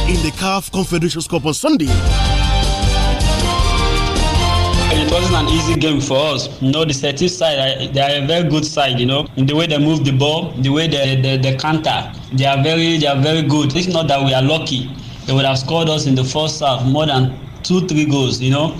in the CAF Confederation Cup on Sunday. It wasn't an easy game for us. You know, the Celtics side, they are a very good side, you know, in the way they move the ball, the way they, they, they counter. They are very, they are very good. It's not that we are lucky they would have scored us in the first half more than two, three goals, you know.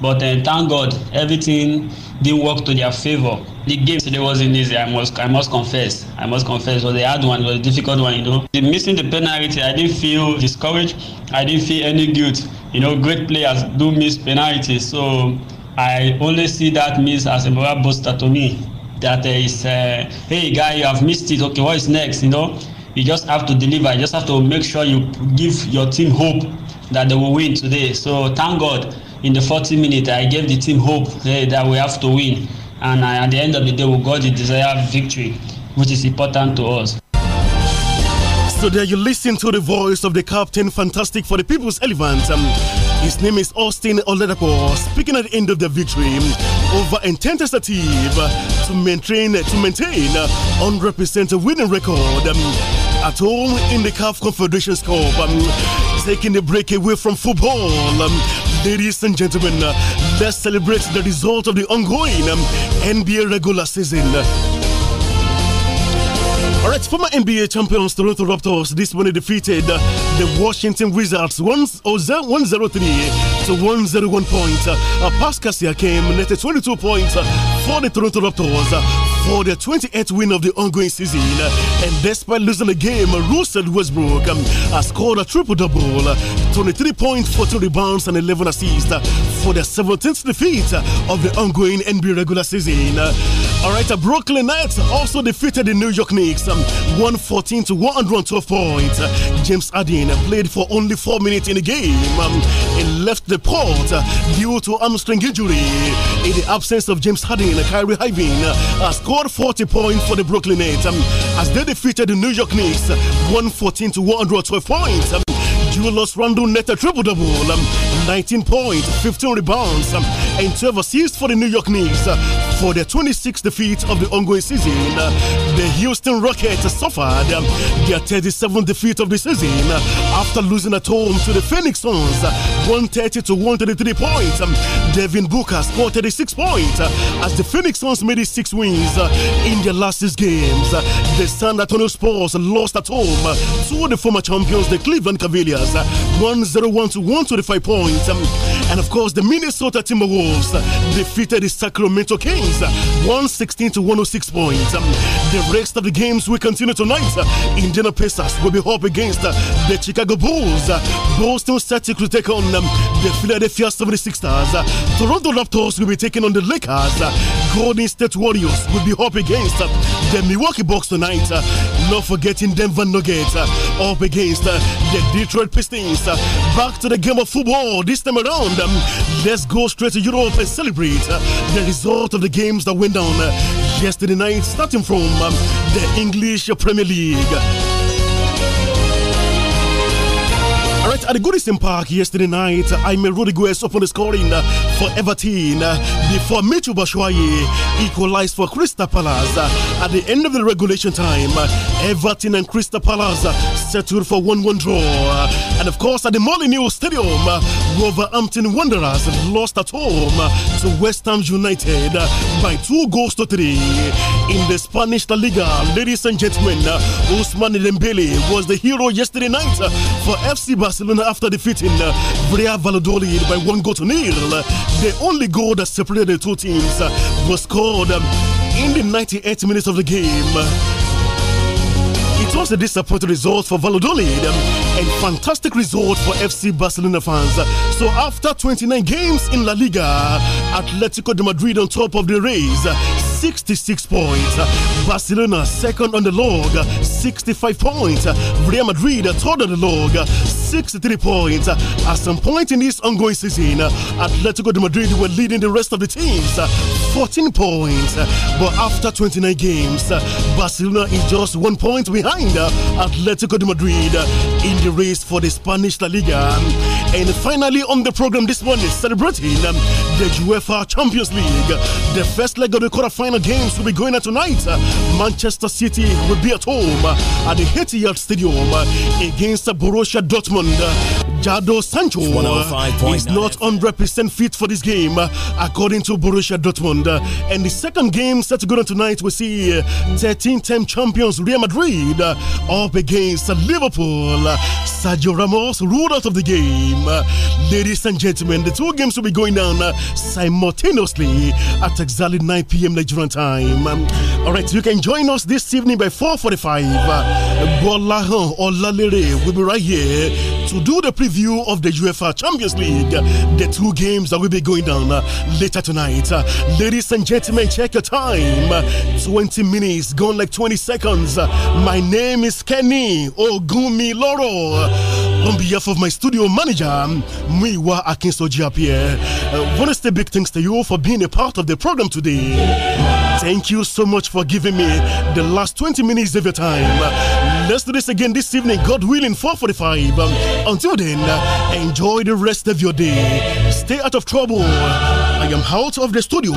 But uh, thank God, everything didn't work to their favor. The game today wasn't easy. I must, I must confess. I must confess. It was a hard one. It was a difficult one. You know, the missing the penalty, I didn't feel discouraged. I didn't feel any guilt. You know, great players do miss penalties, so I only see that miss as a moral booster to me. That uh, is, uh, hey guy, you have missed it. Okay, what is next? You know, you just have to deliver. You just have to make sure you give your team hope that they will win today. So thank God in the 40 minutes I gave the team hope hey, eh, that we have to win. And I, uh, at the end of the day, we got the desired victory, which is important to us. So there you listen to the voice of the captain, fantastic for the people's elephant. Um, his name is Austin Oledapo, speaking at the end of the victory over an to maintain to maintain 100% winning record. Um, at home in the CAF Confederations Cup. Um, taking the break away from football. Um, ladies and gentlemen, uh, let's celebrate the result of the ongoing um, NBA regular season. All right, former NBA champions Toronto Raptors this morning defeated uh, the Washington Wizards 103 to 101 points. Uh, Pascal Siakam netted 22 points uh, for the Toronto Raptors uh, for their 28th win of the ongoing season. Uh, and despite losing the game, Russell Westbrook um, has scored a triple double 23 points, 14 rebounds, and 11 assists for their 17th defeat of the ongoing NBA regular season. All right, the Brooklyn Nets also defeated the New York Knicks um, 114 to 112 points. James Harden played for only four minutes in the game. Um, he left the court due to hamstring injury. In the absence of James Harden, Kyrie Irving uh, scored 40 points for the Brooklyn Nets um, as they defeated the New York Knicks 114 to 112 points. Um, Julius Randle netted triple double, um, 19 points, 15 rebounds, um, and 12 assists for the New York Knicks. Uh, for the 26th defeat of the ongoing season. The Houston Rockets suffered their 37th defeat of the season after losing at home to the Phoenix Suns 130 to 133 points. Devin Booker scored 36 points as the Phoenix Suns made it six wins in their last six games. The San Antonio Spurs lost at home to the former champions, the Cleveland Cavaliers, 101 to 125 points. And of course, the Minnesota Timberwolves defeated the Sacramento Kings 116 to 106 points. Um, the rest of the games we continue tonight. Indiana Pacers will be up against the Chicago Bulls. Boston Celtics will take on um, the Philadelphia 76ers. Toronto Raptors will be taking on the Lakers. Golden State Warriors will be up against um, the Milwaukee Bucks tonight. Not forgetting Denver Nuggets uh, up against uh, the Detroit Pistons. Uh, back to the game of football this time around let's go straight to Europe and celebrate uh, the result of the games that went down uh, yesterday night, starting from um, the English Premier League. Right, at the Goodison Park yesterday night, Jaime Rodriguez opened the scoring uh, for Everton before Mitchell Bashuaye equalized for Crystal Palace. at the end of the regulation time, Everton and Crystal Palace settled for 1 1 draw. And of course, at the Molyneux Stadium, Wolverhampton Wanderers lost at home to West Ham United by two goals to three in the Spanish La Liga. Ladies and gentlemen, Usman Dembele was the hero yesterday night for FC Barcelona after defeating Brea Valladolid by one goal to nil. The only goal that separated the two teams was scored in the 98 minutes of the game. It was a disappointing result for Valladolid um, and fantastic result for FC Barcelona fans. So after 29 games in La Liga, Atletico de Madrid on top of the race. 66 points. Barcelona second on the log, 65 points. Real Madrid third on the log, 63 points. At some point in this ongoing season, Atletico de Madrid were leading the rest of the teams, 14 points. But after 29 games, Barcelona is just one point behind Atletico de Madrid in the race for the Spanish La Liga. And finally, on the program this morning, celebrating um, the UEFA Champions League. The first leg of the quarterfinal games will be going on tonight. Uh, Manchester City will be at home uh, at the Etihad Stadium uh, against Borussia Dortmund. Jado Sancho is not 100% fit for this game, according to Borussia Dortmund. And the second game set to go on tonight, we see 13-time uh, champions Real Madrid uh, up against Liverpool. Sergio Ramos ruled out of the game. Uh, ladies and gentlemen, the two games will be going down uh, simultaneously at exactly 9 p.m. Nigerian time. Um, all right, you can join us this evening by 4.45. Uh, Olalere will be right here to do the preview of the UEFA Champions League. The two games that will be going down uh, later tonight. ladies and gentlemen, check your time. 20 minutes, gone like 20 seconds. My name is Kenny Ogumiloro. On behalf of my studio manager, Miwa Akinsoji Appier, I uh, want to say big thanks to you for being a part of the program today. Thank you so much for giving me the last 20 minutes of your time. Let's do this again this evening, God willing, 4:45. Um, until then, enjoy the rest of your day. Stay out of trouble. I am out of the studio.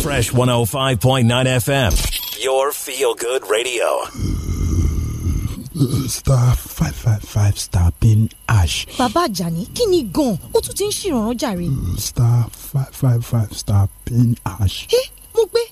Fresh 105.9 FM, your feel good radio. star five five five star pin hash. bàbá àjàní kí ni gan-an ó tún ti ń ṣèrànràn jàre. Mm, star five five five star pin hash. ẹ eh, mo gbé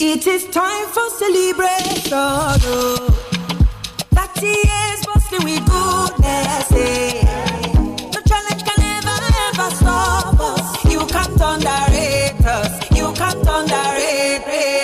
It is time for celebration. Oh. 30 years bustling with goodness. Eh. The challenge can never ever stop us. You can't underrate us. You can't underrate.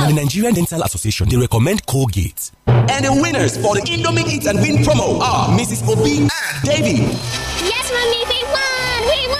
Now, the Nigerian Dental Association, they recommend Colgate. And the winners for the Indomie Eat and Win promo are Mrs. Obi and Davy. Yes, Mommy, we won! We won!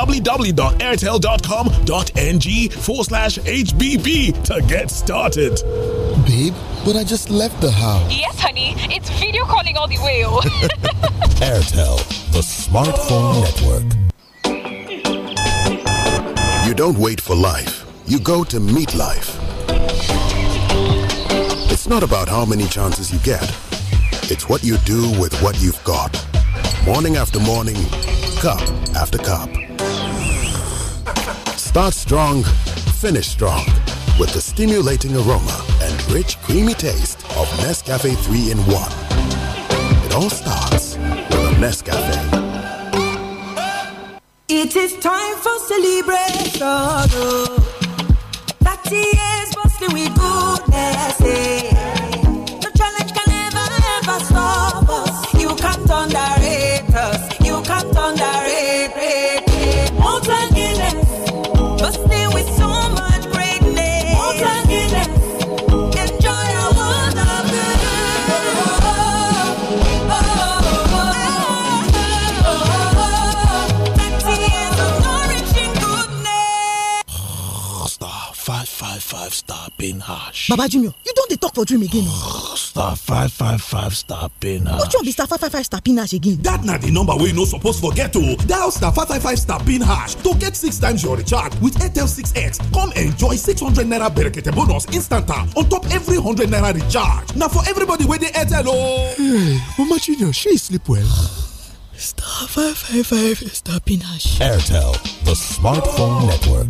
www.airtel.com.ng forward slash HBB to get started. Babe, but I just left the house. Yes, honey. It's video calling all the way. Airtel, the smartphone network. You don't wait for life, you go to meet life. It's not about how many chances you get, it's what you do with what you've got. Morning after morning, cup after cup Start strong, finish strong with the stimulating aroma and rich, creamy taste of Nescafe 3 in 1. It all starts with a Nescafe. It is time for celebration. Oh. 30 years bustling with goodness. Eh. No challenge can ever, ever stop us. You can't turn that. paying harsh. baba junior you don't talk for dream again oh, star five five five star paying harsh. which one be star five five five star pin harsh again. That not the number we no suppose forget o oh. dial star five five five star pin harsh to get six times your recharge with airtel 6x come enjoy six hundred naira berekete bonus instant ah, on top every hundred naira recharge Now for everybody wey dey airtel o. Oh. hey mama junior she sleep well. star five five five star pin hash. airtel the smartphone network.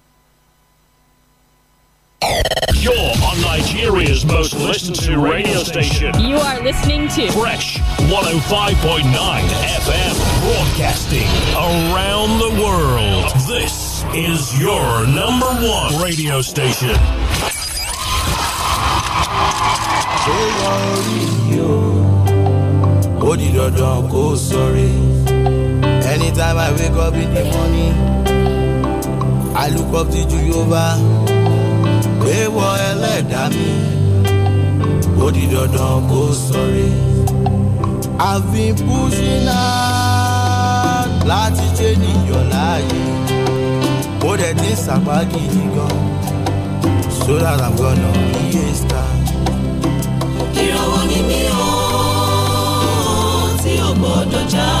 You're on Nigeria's most listened to radio station. You are listening to Fresh 105.9 FM broadcasting around the world. This is your number one radio station. Oh, sorry. Anytime I wake up in the morning, I look up to Jehovah. pé wọ ẹlẹ́dàá mi ó di dandan kó sọrí. I've been pushing hard láti change your life. Mo dẹ̀ ní sàpá gidi gan so that I'm gonna be a star. Ìrànwọ́ ni mi ò tí ò gbọ́dọ̀ já.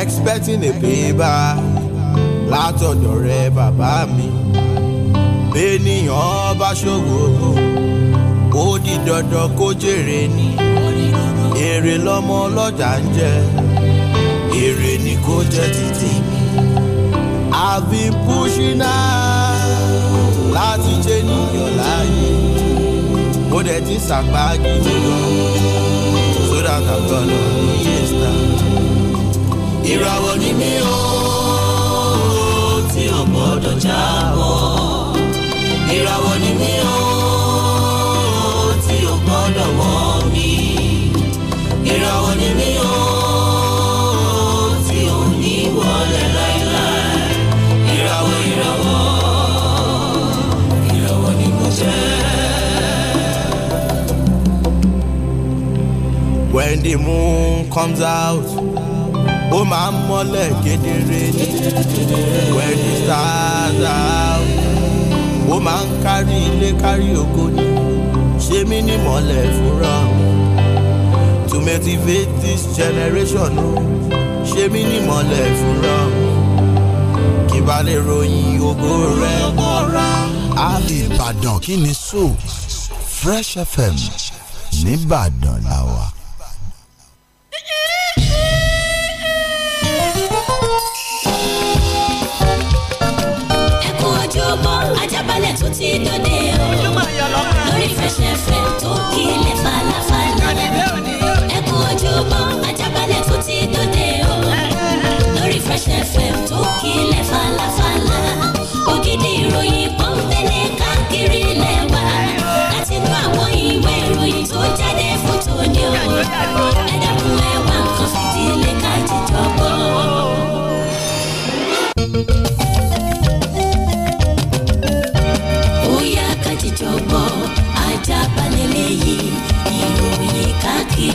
expecting a payback látọ̀dọ̀ rẹ bàbá mi bẹ́ẹ̀nìyàn bá ṣògo ó di dandan kó jèrè ni èrè lọ́mọ ọlọ́jà ń jẹ èrè ni kò jẹ títì mi I've been pushing hard láti jẹ́ níyàn láàyè mo dẹ̀ ti ṣàgbá gidi gan so that I'm gonna ìràwọ̀ ni mí o tí ò gbọ́dọ̀ jábọ́ ìràwọ̀ ni mí o tí ò gbọ́dọ̀ wọ̀ mí ìràwọ̀ ni mí o tí ò ní wọlé láéláé ìràwọ̀ ìràwọ̀ ìràwọ̀ ni mo jẹ́. When the moon comes out ó máa ń mọ́lẹ̀ kedere ní when the stars out ó máa ń kárí ilé kárí oko ní ṣé mí ní mọ́lẹ̀ fúnra to motivate this generation o ṣé mí ní mọ́lẹ̀ fúnra kí bá lè ròyìn ògo rẹ̀ mọ́ra. Ìbàdàn kí ni so Fresh FM nìbàdàn làwà. ilẹ̀ falafala ẹkún ojúbọ Fresh FM tó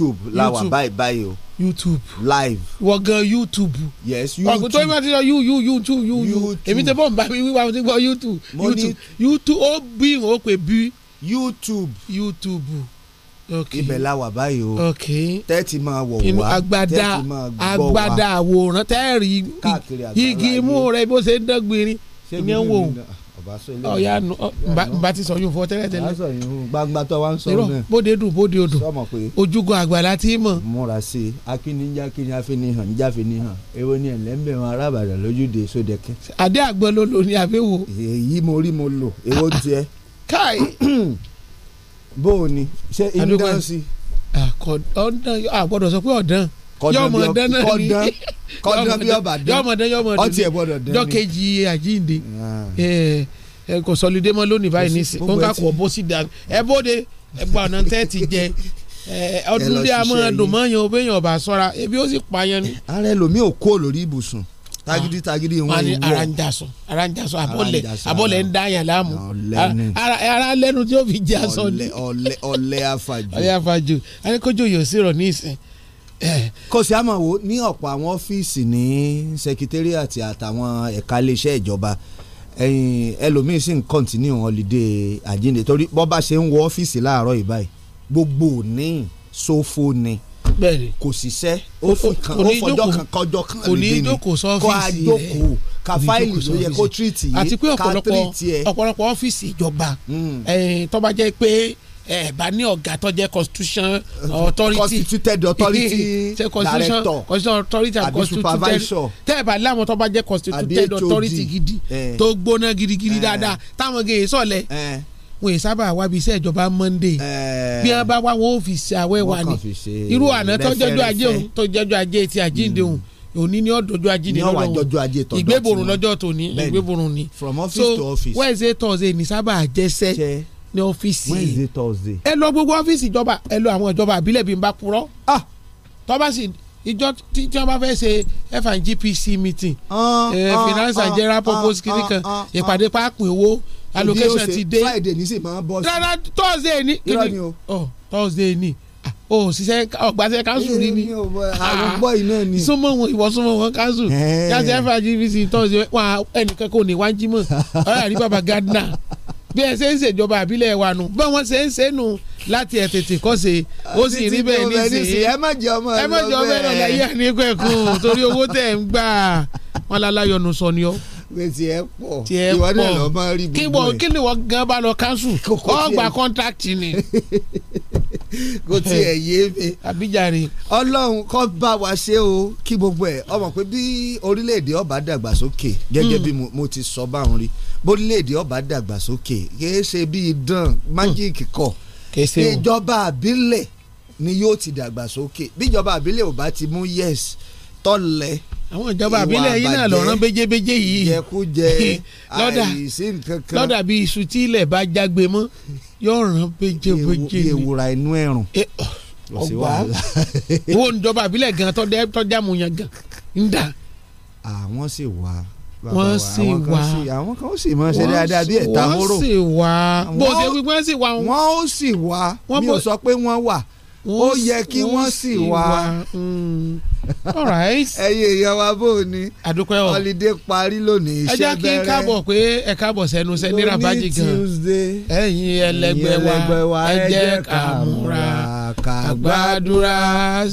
YouTube la wà báyìí báyìí o. YouTube live. wọ́n gan YouTube. yes YouTube. ọ̀gùn tó yẹ máa ti sọ you you YouTube you you. èmi tẹ bọ́ n mi wíwá mo ti gbọ́ YouTube. mo ní YouTube ó bí ìwọ̀n ó pè bí. YouTube. YouTube okay. ibẹ̀ la wà báyìí o okay. tẹ́tì máa wọ̀ wá agbada agbada àwòrán tẹ́ẹ̀rì igi imú rẹ bó ṣe ń dán ìyẹn wò ó bá sọ ilé ọ̀yà bá ti sọ yún fún ọ tẹ́lẹ̀ tẹ́lẹ̀ bá sọ yún gbangba tó wá ń sọ náà bóde dùn bóde odò ojúgun àgbàlá tí mọ̀. múra sí i akínníjà kínní àfinihàn níjà finihàn èwo ni ẹ̀lẹ́mbẹ̀ wọn arábàdàn lójúde sódẹ́kẹ́. adé àgbọn ló lò ní àbẹ̀wò. èyí mo rí mo lò èwo ń tiẹ̀. káì. bó o ni ṣé inú dáhùn sí. ọ̀dàn àgbọ̀dọ̀ sọ pé ọ̀dàn yọmọ dán náà kọdán bí ọba dán ọtí ẹ gbọ́dọ̀ dán ni dọkẹjì àjíǹde. Ah. Eh, kò sọlidé mọ́ lónìí báyìí nísìnyí kó n ká kó bó sì dànù ẹ bóde ẹ gba ọ̀nà tẹ́ ti jẹ ọdún dé àmọ́ ẹdùn mọ́ yẹn obéyàn ọba sọ́ra ebi ó sì pa yẹn ni. ara ẹlòmíì ò kó lórí ibùsùn tagidi ah. tagidi wọn ìwọ ara ń jaso ara ń jaso abọlẹ abọlẹ ń dá yàn láàmú ah, ara lẹnu tí ó fi jẹ aṣọ ni. ọlẹ ọlẹ ọlẹ afaju anikojo yóò sì rọ ní eh. kò sí àmọ́ wo ní ọ̀pọ̀ àwọn ọ́fíìsì ní sekitariat àtàwọn ẹ̀ka iléeṣẹ́ ìjọba ẹlòmíín sì ń kọ́ntínú ọ̀lídé àjíǹde torí bọ́ bá ṣe ń wọ ọ́fíìsì láàárọ̀ yìí báyìí gbogbo òní ṣòfò ni kò ṣiṣẹ́ ó fọjọ́ kan kọjọ́ kan lè dé ni kó a jókòó ka fáìlì tó yẹ kó tírìtì yìí ká tírìtì ẹ. àti pé ọ̀pọ̀lọpọ̀ ọ̀pọ̀lọpọ̀ ọ́fíìsì ìjọba hmm. tó bá jẹ́ pé ẹ bá ní ọ̀gá tó jẹ́ constitution authority constituted authority director constitution authority and constituted tẹ́ ẹ bá láwọn tó bá jẹ́ constituted authority gidi tó gbóná gidigidi dáadáa táwọn gèè sọ̀lẹ̀ wọn sábà wábi iṣẹ́ ìjọba monday bí wọ́n bá wá wọn ò fi ṣe àwẹ̀wà irú àná tó jẹ́jọ́ ajé òun tó jẹ́jọ́ ajé ti àjíǹde òun hmm. òní ni ọ̀dọ́jọ́ ajé ni lọ́wọ́ ìgbébòrùn lọ́jọ́ tòní ìgbébòrùn ni so wednesday thursday ní sábà jẹ́sẹ́ ní ọ́fíìsì Wednesday Thursday ẹ lọ gbogbo ọ́fíìsì ìjọba ẹ lọ àwọn ìjọba àbílẹ̀ bí n bá purọ́ ah! tọ́ba sì ìjọ tí wọ́n bá fẹ́ ṣe FNGPC meeting ah, ah, eh, finance and general purpose kìíní kan ìpàdé pápẹ́ owó allocation ti dé Friday ní sì máa bọ́ sí rárá Thursday ní kìíní oh, Thursday ní oh, o ṣiṣẹ́ ọgbàṣẹ kanṣu rí ni àgbọ̀ iná ni súnmọ́ wọn ìwọ súnmọ́ wọn kanṣu yàtọ̀ FNGPC Thursday wà ẹnìkan kò ní wájú mọ́ ọ̀rẹ́ àrí bàbá Gardner bí ẹ ṣe ń ṣèjọba àbílẹ̀ wa nù bá wọn ṣe ń ṣe nù láti ẹ̀ tètè kọ́ ṣe ó sì rí bẹ́ẹ̀ nísìnyí ẹ má jẹ ọmọ ẹ lọ bẹ́ẹ̀ yà ní kẹ́kùn torí owó tẹ̀ ń gbà wọn láláyọnu sọ ni ọ. ti ẹ pọ̀ ìwọ náà lọ máa rí gbogbo ẹ kí ni wọn gan bá lọ káńsù ọgbà kọ́ńtàkì ni kò tí ẹ yé mi. àbíjàre. ọlọ́run kó bá wa ṣe o kí gbogbo ẹ̀ ọmọ pé bí orílẹ̀-èdè ọba dàgbàsókè gẹ́gẹ́ hmm. bí mo ti sọ báwọn rí bórílẹ̀-èdè ọba dàgbàsókè kìí ṣe bíi dán májíìkì kọ ìjọba àbílẹ̀ ni yóò ti dàgbàsókè bíjọba àbílẹ̀ ò bá ti mú yes tọ́lẹ̀ àwọn ìjọba àbílẹ̀ yìí náà lọ́rán béjébéjé yìí jẹkújẹ àìsí nǹkan kan lọ́dà bíi iṣu tí ilẹ̀ bá jágbe mọ́ yóò rán béjébéjé ni ìwúra inú ẹ̀rùn eh, ọgbà owó ìjọba àbílẹ̀ gan tọ́jà mu yan gan ń dà. àwọn sì wá wọ́n sì wá àwọn kan sì máa ṣe dáadáa bí ẹ̀ta móró wọ́n sì wá bó ṣe wí wọ́n sì wá. wọ́n ó sì wá mi ò sọ pé wọ́n wà ó yẹ kí wọ́n sì wá. Mm. ẹyẹ èèyàn wa bó o ní ọlídé parí lónìí iṣẹ́ bẹ̀rẹ̀ ẹ jẹ́ kí káàbọ̀ pé ẹ káàbọ̀ sẹ́nu sẹ́ rabaji gan ẹ̀yin ẹlẹgbẹ́ wa ẹ jẹ́ ká múra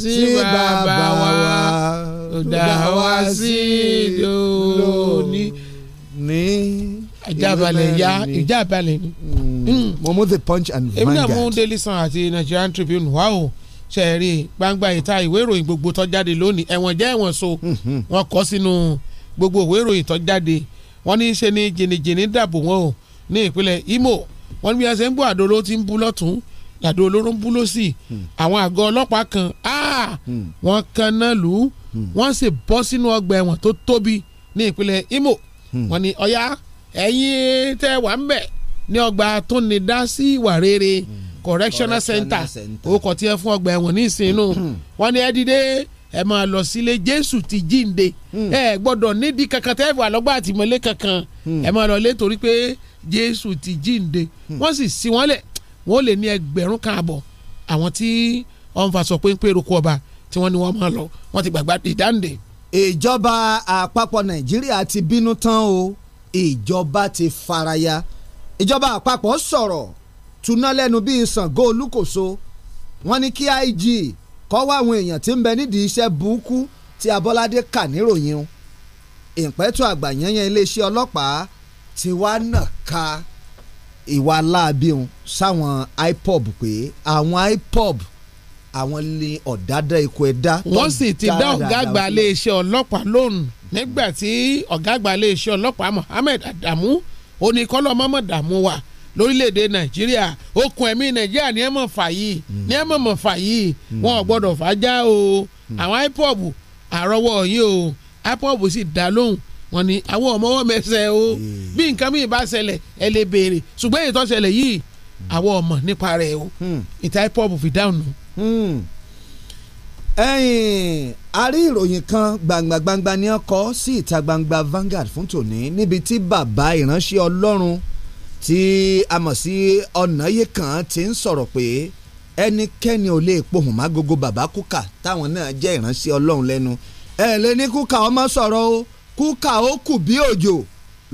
sí bàbá wa dàwa sí lónìí ní. ìjábalẹ̀ ya ìjábalẹ̀ ni. Mm. Mm. mo the punch and Vanguard. èmi náà mú Daily Sun àti Nigerian Tribune wá o ṣe é rí gbangba ìta ìwé ìròyìn gbogbo tó jáde lónìí ẹ̀wọ̀n jẹ́ ẹ̀wọ̀n so mm-hmm. wọ́n kọ́ sínú gbogbo ìwé ìròyìn tó jáde wọ́n ní í ṣe ni jìnnìjìnnì dàbò wọn o ní ìpínlẹ̀ Imo wọ́n ní bí wọ́n ṣe ń bú àdó ló ti ń bú lọ́tún làdó olóró ń bú lọ́sì hmm. àwọn àgọ́ ọlọ́pàá kan hmm. wọ́n kan náà lù ú hmm. wọ́n sì bọ́ sínú ọgbà ẹ̀wọ̀n tó tóbi ní ìpínlẹ̀ Imo wọ́n ní ọ̀yá ẹ̀yin tẹ́ wà ń bẹ̀ ní ọgbà tó ní dá sí ìwà rere correctional center orúkọ tí ẹ fún ọgbà ẹ̀wọ̀n ní ìsinú wọ́n ní ẹ dìde ẹ máa lọ sílé Jésù ti jíǹde ẹ gbọ́dọ̀ nídìí kankan tẹ́ wà lọ́gbà àtìmọ́lé kankan ẹ máa lọ lé torí pé Jésù ti jíǹde wọ́n sì sí wọn lẹ̀ wọ́n lè ní ẹgbẹ̀rún kan àbọ̀ àwọn tí wọ́n fa sọ pé ń pè roko ọba tí wọ́n ní wọ́n máa lọ wọ́n ti gbàgbá ìdáǹdè. ìjọba àpapọ̀ nàìjíríà ti bínú tán o ìjọba ti faraya ìjọba àpapọ̀ sọ̀rọ̀ tuná lẹ́nu bíi Ṣàngó Olúkòso wọ́n ní kí IG kọ́ wá àwọn èèyàn tí ń bẹ nídìí iṣẹ́ burúkú tí Abọ́ládé kà níròyìn ìpẹ́tù àgbà yẹn yẹn iléeṣẹ́ ọlọ́pàá ti wá nà ká ìwà láabi òun sáwọn ipob pé àwọn ipob àwọn lè ọ̀dádá ikú ẹ̀dá. wọ́n sì ti dá ọ̀gá àgbà iléeṣẹ́ ọlọ́pàá lóhùn nígbà tí ọ̀gá àgbà iléeṣẹ́ ọlọ́pàá Mohammed Adamu oníkọ́lọ́ mọ́mọ́ dààmú wa lórílẹ̀‐èdè Nàìjíríà okùn ẹ̀mí Nàìjíríà ni ẹ mọ̀ fà yìí ni ẹ mọ̀ mọ̀ fà yìí hmm. wọn ò gbọ́dọ̀ fàájà o hmm. àwọn ipob àrọ́wọ́ yìí o ipob sì dá lóhùn wọ́n ní àwọn ọmọwọ́ mẹsẹ̀ o hmm. bí nǹkan mi bá ṣẹlẹ̀ ẹ lè béèrè ṣùgbọ́n èyí tó ṣẹlẹ̀ yìí hmm. àwọn ọmọ nípa rẹ̀ o hmm. ìta hip-hop fi dáhùn. ẹ̀yin a rí ìròyìn kan gbangba-gbangba ni wọ́n kọ sí ìta gbangba Vanguard fún tòní níbi tí bàbá ìránṣẹ́ Ọlọ́run tí a mọ̀ sí Ọ̀nàyékan ti ń sọ̀rọ̀ pé ẹnikẹ́ni ò lè pohùn má gogo bàbá kúkà táwọn náà jẹ́ ìránṣẹ́ Ọlọ́run lẹ́nu ẹ̀ lè ní kúkà ọmọ sọ̀rọ̀ o kúkà ó kù bí òjò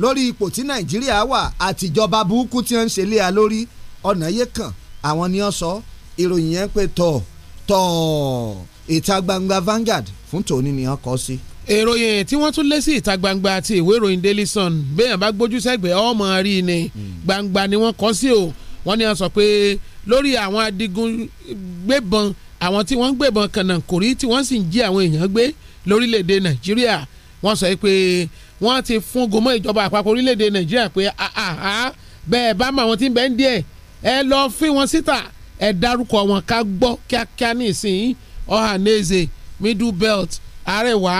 lórí ipò tí nàìjíríà wà àtìjọba burúkú tí wọ́n ń ṣe léa lórí ọ̀nà yé kan àwọn ni wọ́n sọ ìròyìn yẹn pé tọ̀ tọ̀ ìta gbangba Vanguard fún tòní ni wọ́n kọ́ sí. ìròyìn tí wọ́n tún lé sí ìta gbangba àti ìwé ìròyìn Daily Sun béèyàn bá gbójú sẹ́gbẹ̀ẹ́ ọmọ rí ni hmm. gbangba ni wọ́n kọ́ sí o wọ́n ní wọ́n sọ pé lórí àwọn adigun gbébọn àwọn tí wọ́n gbébọn kànáà kòrí tí wọ́n sì ń jí àwọn èèyàn gbé lórílẹ̀‐èdè Nàìjíríà wọ́n sọ pé wọ́n ti fún gomọ́ ìjọba àpapọ̀ orílẹ̀-èdè nàìjíríà pé ah, ah, ah, bẹ́ẹ̀ bá mọ àwọn tí ń bẹ ń díẹ̀ ẹ lọ fi wọn síta ẹ dárúkọ wọn ká gbọ́ kíákíá nísìnyí Ohanaeze Middle Belt Arewa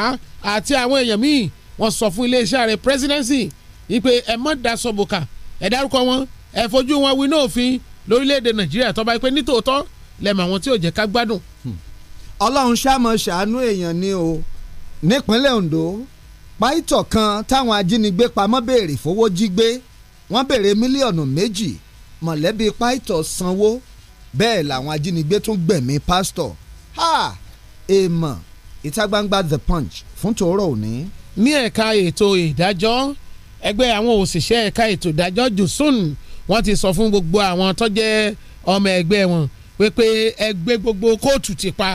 àti àwọn èèyàn míì wọ́n sọ fún iléeṣẹ́ ààrẹ presidency wípé ẹ mọ̀ dá sọ́bùkà ẹ dárúkọ wọn ẹ fojú wọn winá òfin lórílẹ̀‐èdè nàìjíríà tó bá pé nítòótọ́ lẹ́mọ̀ àwọn tí ò jẹ́ ká gbádùn. Hmm. ọlọ́run ṣàmọ̀ ṣàánú èèyàn ni o nípínlẹ̀ Ondo pàìtọ̀ kan táwọn ajínigbé pamọ́ béèrè fowó jí gbé wọ́n béèrè mílíọ̀nù méjì mọ̀lẹ́bí pàìtọ̀ sanwó bẹ́ẹ̀ làwọn ajínigbé tún gbẹ̀mí pásítọ̀ ha èèmọ̀ ìta gbangba the punch fún tòórọ̀ òní. ní ẹ̀ka ètò ìdájọ́ ẹgbẹ́ àwọn òṣìṣẹ́ ẹ̀ka ètò ìdájọ́ jùsùn wọ́n ti sọ fún gbogbo àwọn tó jẹ́ ọmọ ẹgbẹ́ wọn pé ẹgbẹ́ gbogbo kóòtù ti pa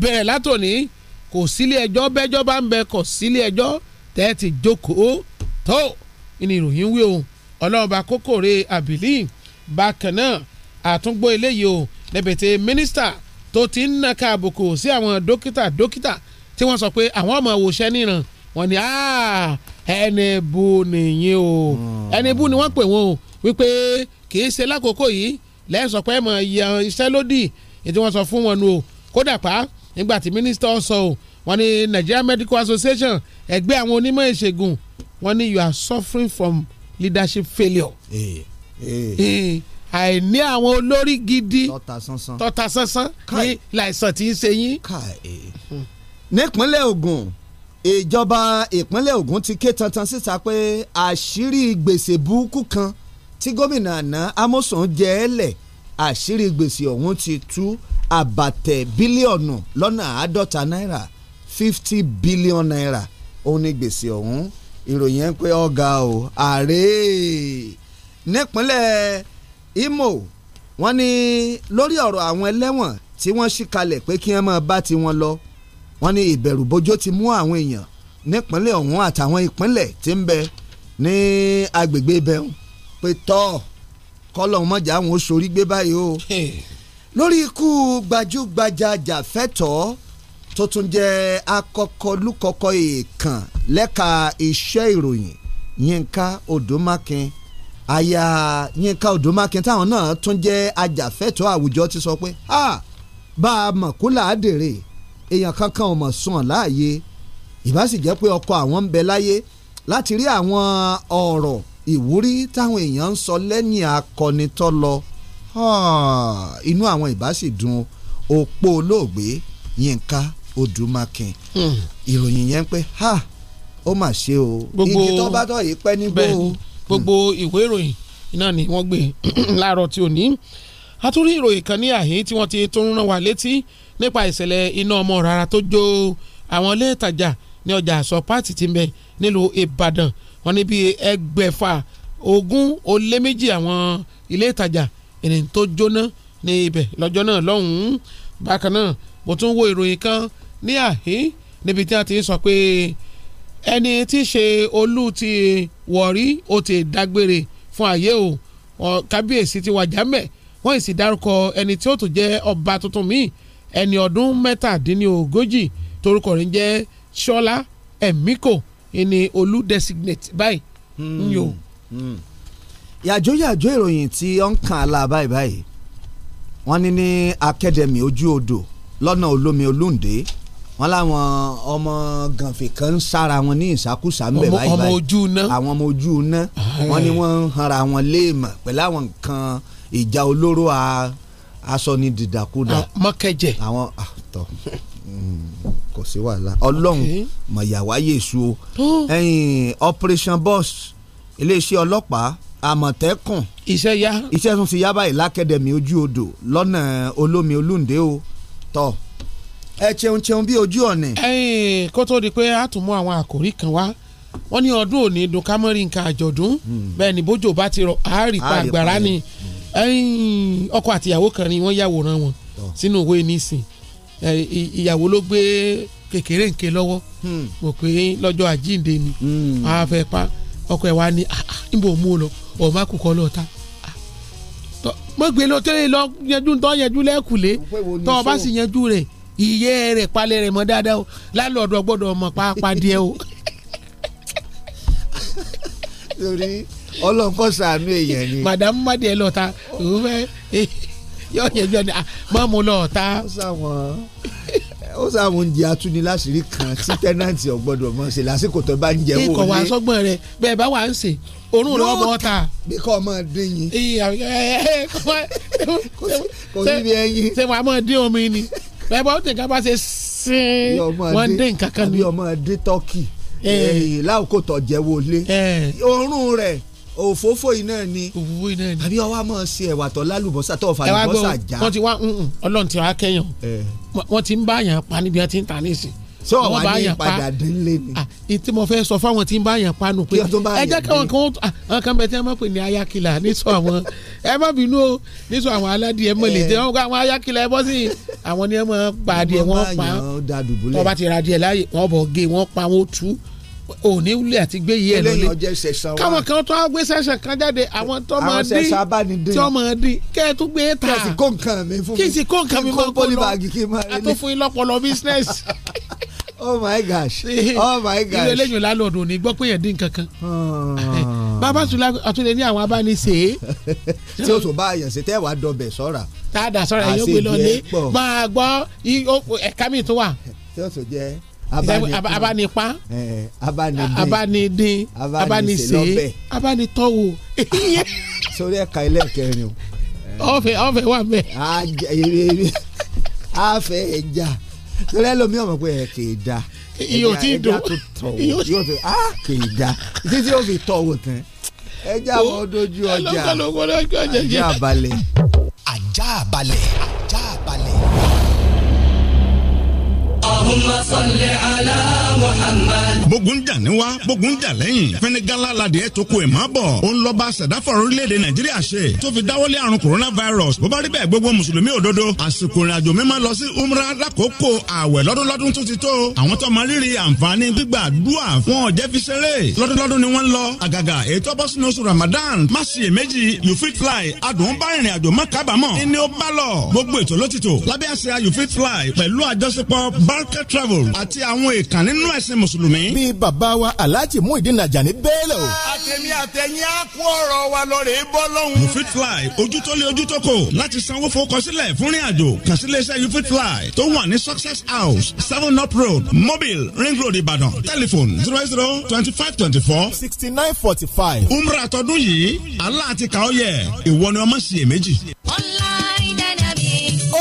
bẹ́ẹ̀ látòní kò sílé ẹjọ́ bẹ́jọ́ bá ń bẹ kò sílé ẹjọ́ tẹ́ẹ̀tì jókòó tó ní ìròyìn wí o ọlọ́run bá kókòrè àbílí bákan náà àtúngbò eléyìí o lẹ́bẹ̀tẹ̀ mínísítà tó ti ń nàka àbùkù sí àwọn dókítà dókítà tí wọ́n sọ pé àwọn ọmọ òwòṣẹ́ níran wọ́n ní ẹni bú nìyẹn o hmm. ẹni bú ni wọ́n pè wọ́n o wípé kì í ṣe lákòókò yìí lẹ́sọ̀ pé mọ̀ iṣẹ́ lódì ètò wọn sọ fún wọn nu o kódà pa nígbà tí mínísítà sọ o wọ́n ní Nigeria Medical Association ẹgbẹ́ àwọn onímọ̀ ìṣègùn wọ́n ní you are suffering from leadership failure. Eh, eh. Eh, àìní àwọn olórí gidi tọ́ta sánsán ní láìsàn tí ń ṣe yín. nípínlẹ̀ Ògùn ìjọba ìpínlẹ̀ Ògùn ti ké tantan síta pé àṣírí gbèsè burúkú kan tí gómìnà àná Amosun jẹ ẹ́ lẹ̀ àṣírí gbèsè ọ̀hún ti tú àbàtẹ̀ bílíọ̀nù lọ́nà àádọ́ta náírà fifty billion naira òun ni gbèsè ọ̀hún ìròyìn ẹ̀ ń pé ọ̀gá o ààrẹ nípínlẹ̀ Imo wọ́n ní lórí ọ̀rọ̀ àwọn ẹlẹ́wọ̀n tí wọ́n ṣì kalẹ̀ pé kí wọ́n máa bá tiwọn lọ wọ́n ní ìbẹ̀rù bójó ti mú àwọn èèyàn nípínlẹ̀ ọ̀hún àtàwọn ìpínlẹ̀ tí ń bẹ ní agbègbè ibẹ̀ ń pé tọ́ kọ́lọ́hún mọ̀jà àwọn oṣoorí gbé báyìí o lórí ikú gbajúgbajà jàfẹ́tọ̀ọ́ tó tún jẹ́ akọkọlúkọkọ èèkàn lẹ́ka iṣẹ́ ìròyìn yínká odòmákin aya yínká odòmákin táwọn náà tún jẹ́ ajàfẹ́tọ̀ọ́ àwùjọ ti sọ pé bá a mọ̀ kó làádèrè èèyàn kankan ò mọ̀ sùn láàyè ìbá sì jẹ́ pé ọkọ àwọn ń bẹ láyé láti rí àwọn ọ̀rọ̀ ìwúrí táwọn èèyàn ń sọ lẹ́yìn akọni tó lọ inú àwọn ìbá òpó olóògbé yínká Odùmákin hmm. ìròyìn yẹn pé ha ó mà ṣe o igi tó bá tọ̀ yìí pẹ́ nígbó o. gbogbo ìwé ìròyìn iná ni wọ́n gbé láàárọ̀ tí ò ní àtúrí ìròyìn kan ní àhín tí wọ́n ti tún rán wa létí nípa ìṣẹ̀lẹ̀ iná ọmọ rárá tó jó àwọn ilé ìtajà ní ọjà àṣọ pààtì ti ń bẹ nílùú Ìbàdàn wọn ní bíi ẹgbẹ̀fà ogún ó lé méjì àwọn ilé ìtajà ènìyàn tó jóná ní ibẹ̀ lọ́jọ́ náà lọ́hùn-ún bákan náà mo tún wo ìròyìn kan ní àhín níbi tí wọ́n ti sọ pé ẹni tí í ṣe olú ti wọ̀rí ó ti dágbére fún àyè o kábíyèsí ti wàjà mẹ́ wọ́n sì dárúkọ ẹni tí ó tún jẹ́ ọba tuntun míì ẹni ọdún mẹ́tàdínlógójì torúkọ rẹ̀ ń jẹ́ ṣọlá ẹ̀míkò ẹni olú designate báyìí hmm. ń yò. Hmm. yàjó yàjó ìròyìn tí ó ń kàn á la báyìí báyìí wọ́n ní ní academy ojú odò lọ́nà olómi olóǹde wọ́n láwọn ọmọ gànfẹ̀ kan ń sára wọn ní ìsákúsá ń bẹ̀ báyìí báyìí ọmọ ojú iná àwọn ọmọ ojú iná wọ́n ní wọ́n ń hanra wọn léèmọ̀ pẹ̀lú àwọn nǹkan ìjà olóró aṣọ ni dìdàkudà. mọ́kẹ́jẹ. àwọn àtọ ah, hmm, kò sí wàhálà ọlọ́run mọ̀yàwá yéṣu o oh. ẹ̀yìn operation boss iléeṣẹ́ ọlọ́pàá àmọ̀tẹ́kùn. iṣẹ́ yá. iṣẹ́ tún ti yá báyìí lákẹ́dẹ̀mí ojú odò lọ́nà olómi olóǹde o tọ́ ẹ cheun cheun bí ojú ọ̀nì. ẹyìn kó tó di pé a tún mú àwọn àkòrí kan wá wọ́n ní ọdún òní dùn ká mọ́ rí nǹkan àjọ̀dún hmm. bẹ́ẹ̀ ni bójò bá ti rọ àárí pa àgbàrá ni ọkọ àti ìyàwó kan ni wọ́n yàwòrán wọn oh. sínú ìwé nísìn ìyàwó ló gbé kékeré nké lọ́wọ́ mọ̀ hmm. pé lọ́jọ́ àjíǹde ni wọ́n hmm. fẹ́ pa ọkọ ẹ̀ wá ní ah, ah, níbo mú o lọ ọ̀ má kú kọ́ lọ́ọ́ ta ah. mọ̀ gbé lọ tẹ́lẹ̀ lọ yanjú tọ́ yanjú lẹ́kùlé tọ́ ọ bá sì yanjú rẹ̀ ìyẹ́ rẹ̀ palẹ̀ rẹ̀ mọ́ dáadáa o lálọ́ọ̀dọ̀ gbọ́dọ̀ mọ̀ pàápàá díẹ̀ o. torí ọlọ́nkọ́ sàánú èèyàn ni. madam madi ẹ lọ́ta òun fẹ́ yọ yẹjọ ni ah, mọ́mú lọ́ọ̀ta. ó sàwọn oúnjẹ atúniláṣìírí kan tí tẹ́nàntì ọ̀gbọ́dọ̀ mọ̀ ṣe lásìkò tó bá ń jẹ wò ní. ikọ̀ wa sọ́gbọ́n rẹ bẹ́ẹ̀ bá wà ń sè orun rẹ ọmọ ta. bí kò mọ dín yín. kò sí bí ẹyin. ṣé wàá mọ dín omi ni bẹ́ẹ̀ bá ó tẹ̀ ká bá ṣe sín wọ́n dé nǹkan kan ní. àbí ọmọ dé tọ́kì eh. eh, láòkó tó jẹ́ wọlé òórùn eh. rẹ̀ òfófó iná ni òfófó ni àbí ọwọ́ àmọ́ ṣe ẹ̀wà tó lálùbọ́sà tó fà lùbọ́sà já. wọ́n ti wá ọlọ́run ti wá kẹ́yàn wọ́n ti ń bá àyàn pa níbi ọtí ń ta nísìn sọ wà ní ìpadà dínlé ni. ìtí ah, mo fẹ́ sọ fáwọn tí ń bá yàn panu pé ẹ jẹ́ káwọn kan ah, àwọn kan bẹ̀ tí wọ́n máa pè ní ayákìlá nísọ àwọn ẹ má bínú o nísọ àwọn aládìẹ mọ̀ lè jẹ́ àwọn ayákìlá ẹ bọ́ sí àwọn ni ẹ máa pa adìẹ wọ́n pa tọ́ba ti ra adìẹ láàyè wọ́n bọ̀ gé wọ́n pa wọ́n tú òní wúlé àti gbé yìí ẹ lọlé káwọn kan tó wá gbé sẹsẹ kan jáde àwọn tó máa dín tí wọn máa dín kẹ ẹ tún gbé e ta kí n sì kó nǹkan mi fún mi kí n sì kó nǹkan mi máa kó lọ àtúfún yín lọ́pọ̀lọpọ̀ bísínẹ́sì. oh my gosh oh my gosh. ilé eléyìn lálọ́ọ̀dù ò ní gbọ́ pé yẹn dín kankan ah. bàbá sùlá àtúndé ní àwọn abánisè. tí o tún bá àyàn ṣe tẹ́ wàá dọbẹ̀ sọ́ra. tá a dà sọ́ra yóò gbé lọ ní máa gbọ́ ẹ̀ka mi tó wà. tí o tún jẹ́ abánipá abánidín abánisè abánitọ́wò. sórí ẹ̀ka ilé kẹrin o. ọ̀fẹ́ ọ̀fẹ́ wà bẹ́ẹ̀. a fẹ́ ẹja sórí ẹlòmíì ọmọ pé ẹ kì í da iye ò tí ì dùn iye ò tí ì dùn kì í da títí ó fi tọ̀wò tán ẹja àwọn dojú ọjà ẹja balẹ̀. ajá balẹ̀ ajá balẹ̀. Allahumma salli ala Muhammad. bógun jà níwá bógun jà lẹ́yìn fẹnigala ladì ẹ̀ tó kó ẹ̀ má bọ̀ ó ń lọ bá sẹ̀dáfọ̀ orílẹ̀-èdè nàìjíríà ṣe tó fi dáwọ́lé àrùn coronavirus bó bá rí bẹ́ẹ̀ gbogbo mùsùlùmí òdodo àsìkò ìrìnàjò mímọ́ lọ sí umrah lákòókò ààwẹ̀ lọ́dúnlọ́dún tó ti tó àwọn tó máa rírì àǹfààní gbígbà fún ọ̀jẹ́ fi ṣeré lọ́dúnlọ́dún ni wọ́n lọ àgàgà ètò ọbọ̀ you fit fly adùn bá ìrìn àjò má kábàámọ̀ ẹni ó bá lọ gbogbo you fit fly pẹ̀lú àjọṣepọ̀ b Barker travel àti àwọn ìkànnì nínú ẹ̀sìn mùsùlùmí. bí bàbá wa alhaji muhyiddin ajani bẹ́ẹ̀lẹ̀ o. àtẹ̀mí àtẹ̀yìn á kó ọ̀rọ̀ wa lọ́rẹ̀ bọ́ lọ́hùn. you fit fly ojú tó lé ojú tó kò láti sanwó fowókọsílẹ̀ fún rìn àjò kàn sí iléeṣẹ́ you fit fly tó wà ní success house seven up road mobile ring road ìbàdàn telephone zero zero twenty five twenty four sixty nine forty five. umrah tọdún yìí aláàtì kàó yẹ ìwọ ni ọmọ sí èméjì. ọ̀la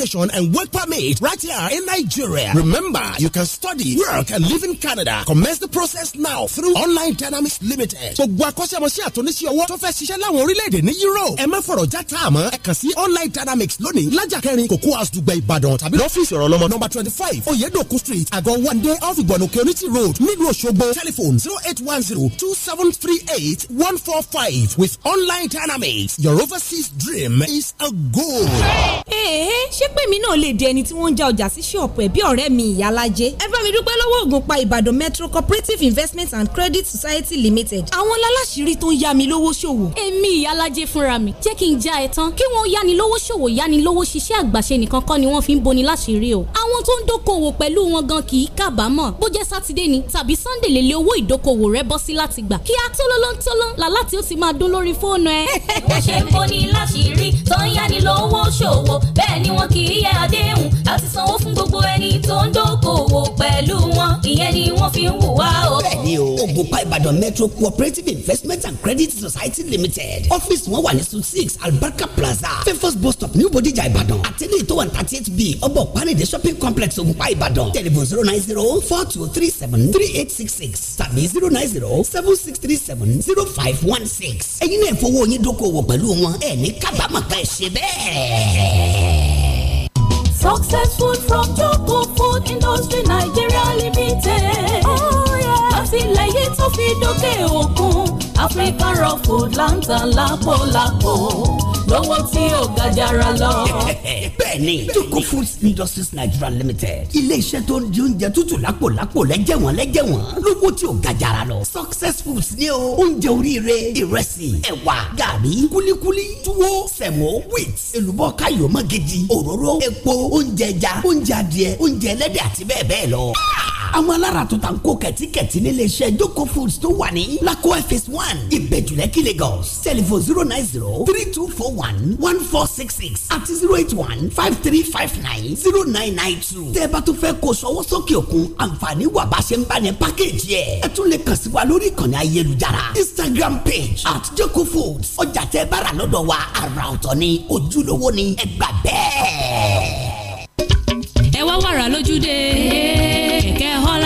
accommodation, and work permit right here in Nigeria. Remember, you can study, work, and live in Canada. Commence the process now through Online Dynamics Limited. Gbogbo akọ́ṣẹ́mọṣẹ́ àtúnṣe ọwọ́ tó fẹ́ ṣiṣẹ́ láwọn orílẹ̀-èdè ní Europe. Ẹ má fọ̀rọ̀ já tá a mọ́. Ẹ kàn sí Online Dynamics lónìí. Lájà kẹrin Cocoa House Dùgbẹ̀ Ìbàdàn tàbí lọ́fíìsì ọ̀rọ̀ lọ́mọ nọ́mbà twenty five Oyedoku street Àgọ́ Wande off Ìgbọ̀nùkẹ́ Onítì road nílùú Òṣogbo telephone zero eight one zero two seven three eight one four five with Online Dynamics your overseas dream is a goal. Hey ṣé pé mi náà lè di ẹni tí wọ́n ń já ọjà sí ṣọ́ọ̀pù ẹ̀ bí ọ̀rẹ́ mi ìyálájẹ́ ẹ bá mi dúpẹ́ lọ́wọ́ Ògùnpa Ìbàdàn Metro Cooperative Investment and Credit Society Limited àwọn láláṣìírí tó ń yá mi lówó ṣòwò. èmi ìyálájẹ́ fúnra mi jẹ́ kí n já ẹ tán kí wọ́n ni lówó ṣòwò yáni lówó ṣiṣẹ́ àgbàṣe nìkan kọ́ ni wọ́n fi ń boni láṣìírí o àwọn tó ń dókòwò pẹ̀lú wọn gan kì í kábàámọ̀ bó jẹ́ sátidé ni tàbí sunday lè lé owó ìdókòwò rẹ bọ́ sí láti gbà kí á tólólótóló làlá tí ó ti máa dún lórí fóònù ẹ. bó ṣe ń boni láṣìírí tó ń ni lówó ṣòwò bẹ́ẹ̀ ni wọ́n wọn kì í yẹ àdéhùn àti sanwó fún gbogbo ẹni tó ń dókòwò pẹ̀lú wọn ìyẹn ni wọ́n fi ń hùwà o. bẹ́ẹ̀ni o ògùnpá ìbàdàn metro cooperative investment and credit society limited ọ́fíìsì wọn wà ní su six albarka plaza fefos bus stop new bodija ìbàdàn àtẹlẹ ètò one thirty eight b ọbọ panade shopping complex ògùnpá ìbàdàn telephone zero nine zero four two three seven three eight six six tàbí zero nine zero seven six three seven zero five one six. ẹ̀yin náà fowó yín dókòwò pẹ̀lú wọn ẹ̀ ní kábàámọ̀ ká ẹ̀ ṣe bẹ́ẹ̀ successful from Joko Food Industry Nigeria Limited. Oh, láti lẹ́yìn tó fi dókè òkun African raw food lantan lápòlápò lówó tí ò ga jara lọ. bẹ́ẹ̀ni joko foods industries nigeria limited iléeṣẹ́ tó ń di oúnjẹ tútù lápòlápò lẹ́jẹ̀wọ̀n lẹ́jẹ̀wọ̀n lówó tí ò ga jara lọ. success foods ní o oúnjẹ oríire ìrẹsì ẹ̀wà gàrí kúlíkúlí túwó sẹ̀mó wheat èlùbọ́ káyọ̀mọ́ gidi òróró epo oúnjẹ ẹja oúnjẹ adìẹ oúnjẹ ẹlẹ́dẹ̀ àti bẹ́ẹ̀ bẹ́ẹ̀ lọ. Ah! àwọn alára tó ta ń kó kẹ̀tíkẹ̀tí níléeṣẹ́ joko foods tó wà one one ìbẹ̀jùlẹ́kì Lagos telephone zero nine zero three two four one one four six six àti zero eight one five three five nine zero nine nine two. tẹ́ ẹ bá tún fẹ́ kó sọ́wọ́ sókè òkun àǹfààní wà bá ṣe ń bá ní pákéjì ẹ̀. ẹ tún lè kàn sí wa lórí ìkànnì ayélujára Instagram page at joko foods ọjà tẹ́ bá lọ́dọ̀ wa àrà ọ̀tọ̀ ni ojúlówó ni ẹ gbà bẹ́ẹ̀. ẹ wá wàrà lójú dé kẹ̀kẹ́ họ́lá.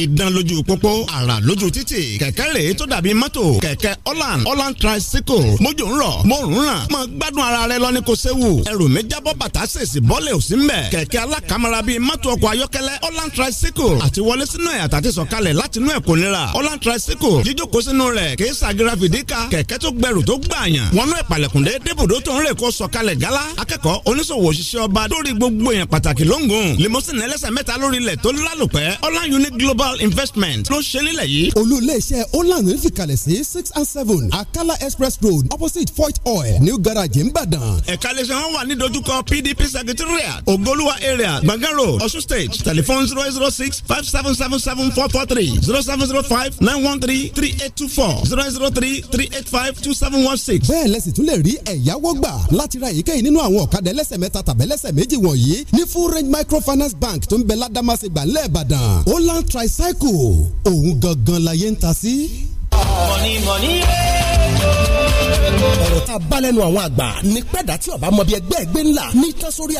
idán lójú pópó àrà lójú títì kẹ̀kẹ́ rèé tó dàbí mọ́tò kẹ̀kẹ́ holland holland tricycle mójú ń rọ̀ mòrùn ràn mọ gbádùn ara rẹ lọ́ni kò séwu ẹrù mi jábọ́ bàtà sèṣì bọ́lẹ̀ òsì ń bẹ̀ kẹ̀kẹ́ alákàmọ́ra bíi mọ́tò ọkọ̀ ayọ́kẹ́lẹ́ holland tricycle àti wọlé sínú ẹ̀ àtàtì sọ̀kalẹ̀ látinú ẹ̀ kò nira holland tricycle jíjókòó sínú rẹ̀ kìí sàgìrà fìdíkà kẹ̀kẹ́ tó gbẹrù tó gbààyàn wọnú ẹ̀ pàlẹ̀kùndé débùdó tó ń rè kó sọ̀kalẹ̀ gálá akẹ́kọ̀ọ́ oníṣòwò òṣìṣẹ́ ọba lórí gbogbo èèyàn pàtàkì lóńgùn limousine ẹlẹ́sẹ̀ mẹ́ta lórí ilẹ̀ tó lálùpẹ́ holland unique global capital investment ló ń ṣe nílẹ̀ yìí. olùlé iṣẹ́ holland ń fìkàlẹ̀ sí six and seven akala express road opposite fort oil new garage nìbàdàn. ẹ̀ka lè ṣe wọ́n wà ní dojúkọ pdp secretariat ogoluwa area gbọ̀ngàn road osun state telephone zero zero six five seven seven seven four four three zero seven zero five nine one three three eight two four zero zero three three eight five two seven one six. bẹ́ẹ̀ lẹ́sìn tún lè rí ẹ̀yáwó gbà láti ra èyíkéyìí nínú àwọn ọ̀kadà ẹlẹ́sẹ̀ mẹ́ta tàbí ẹlẹ́sẹ̀ méjì wọ̀nyí ní full range microfinance bank tó ń bẹ ládàmásẹ̀gbà lẹ́ẹ̀bàdàn holland tricycle cycle òun gangan la yẹn ń ta sí. mọ̀nìmọ̀nì yẹn kò tá àwọn àgbà ní pẹ́ẹ́dá tí ọba mọ ẹgbẹ́ ẹgbẹ́ ńlá ní tán sórí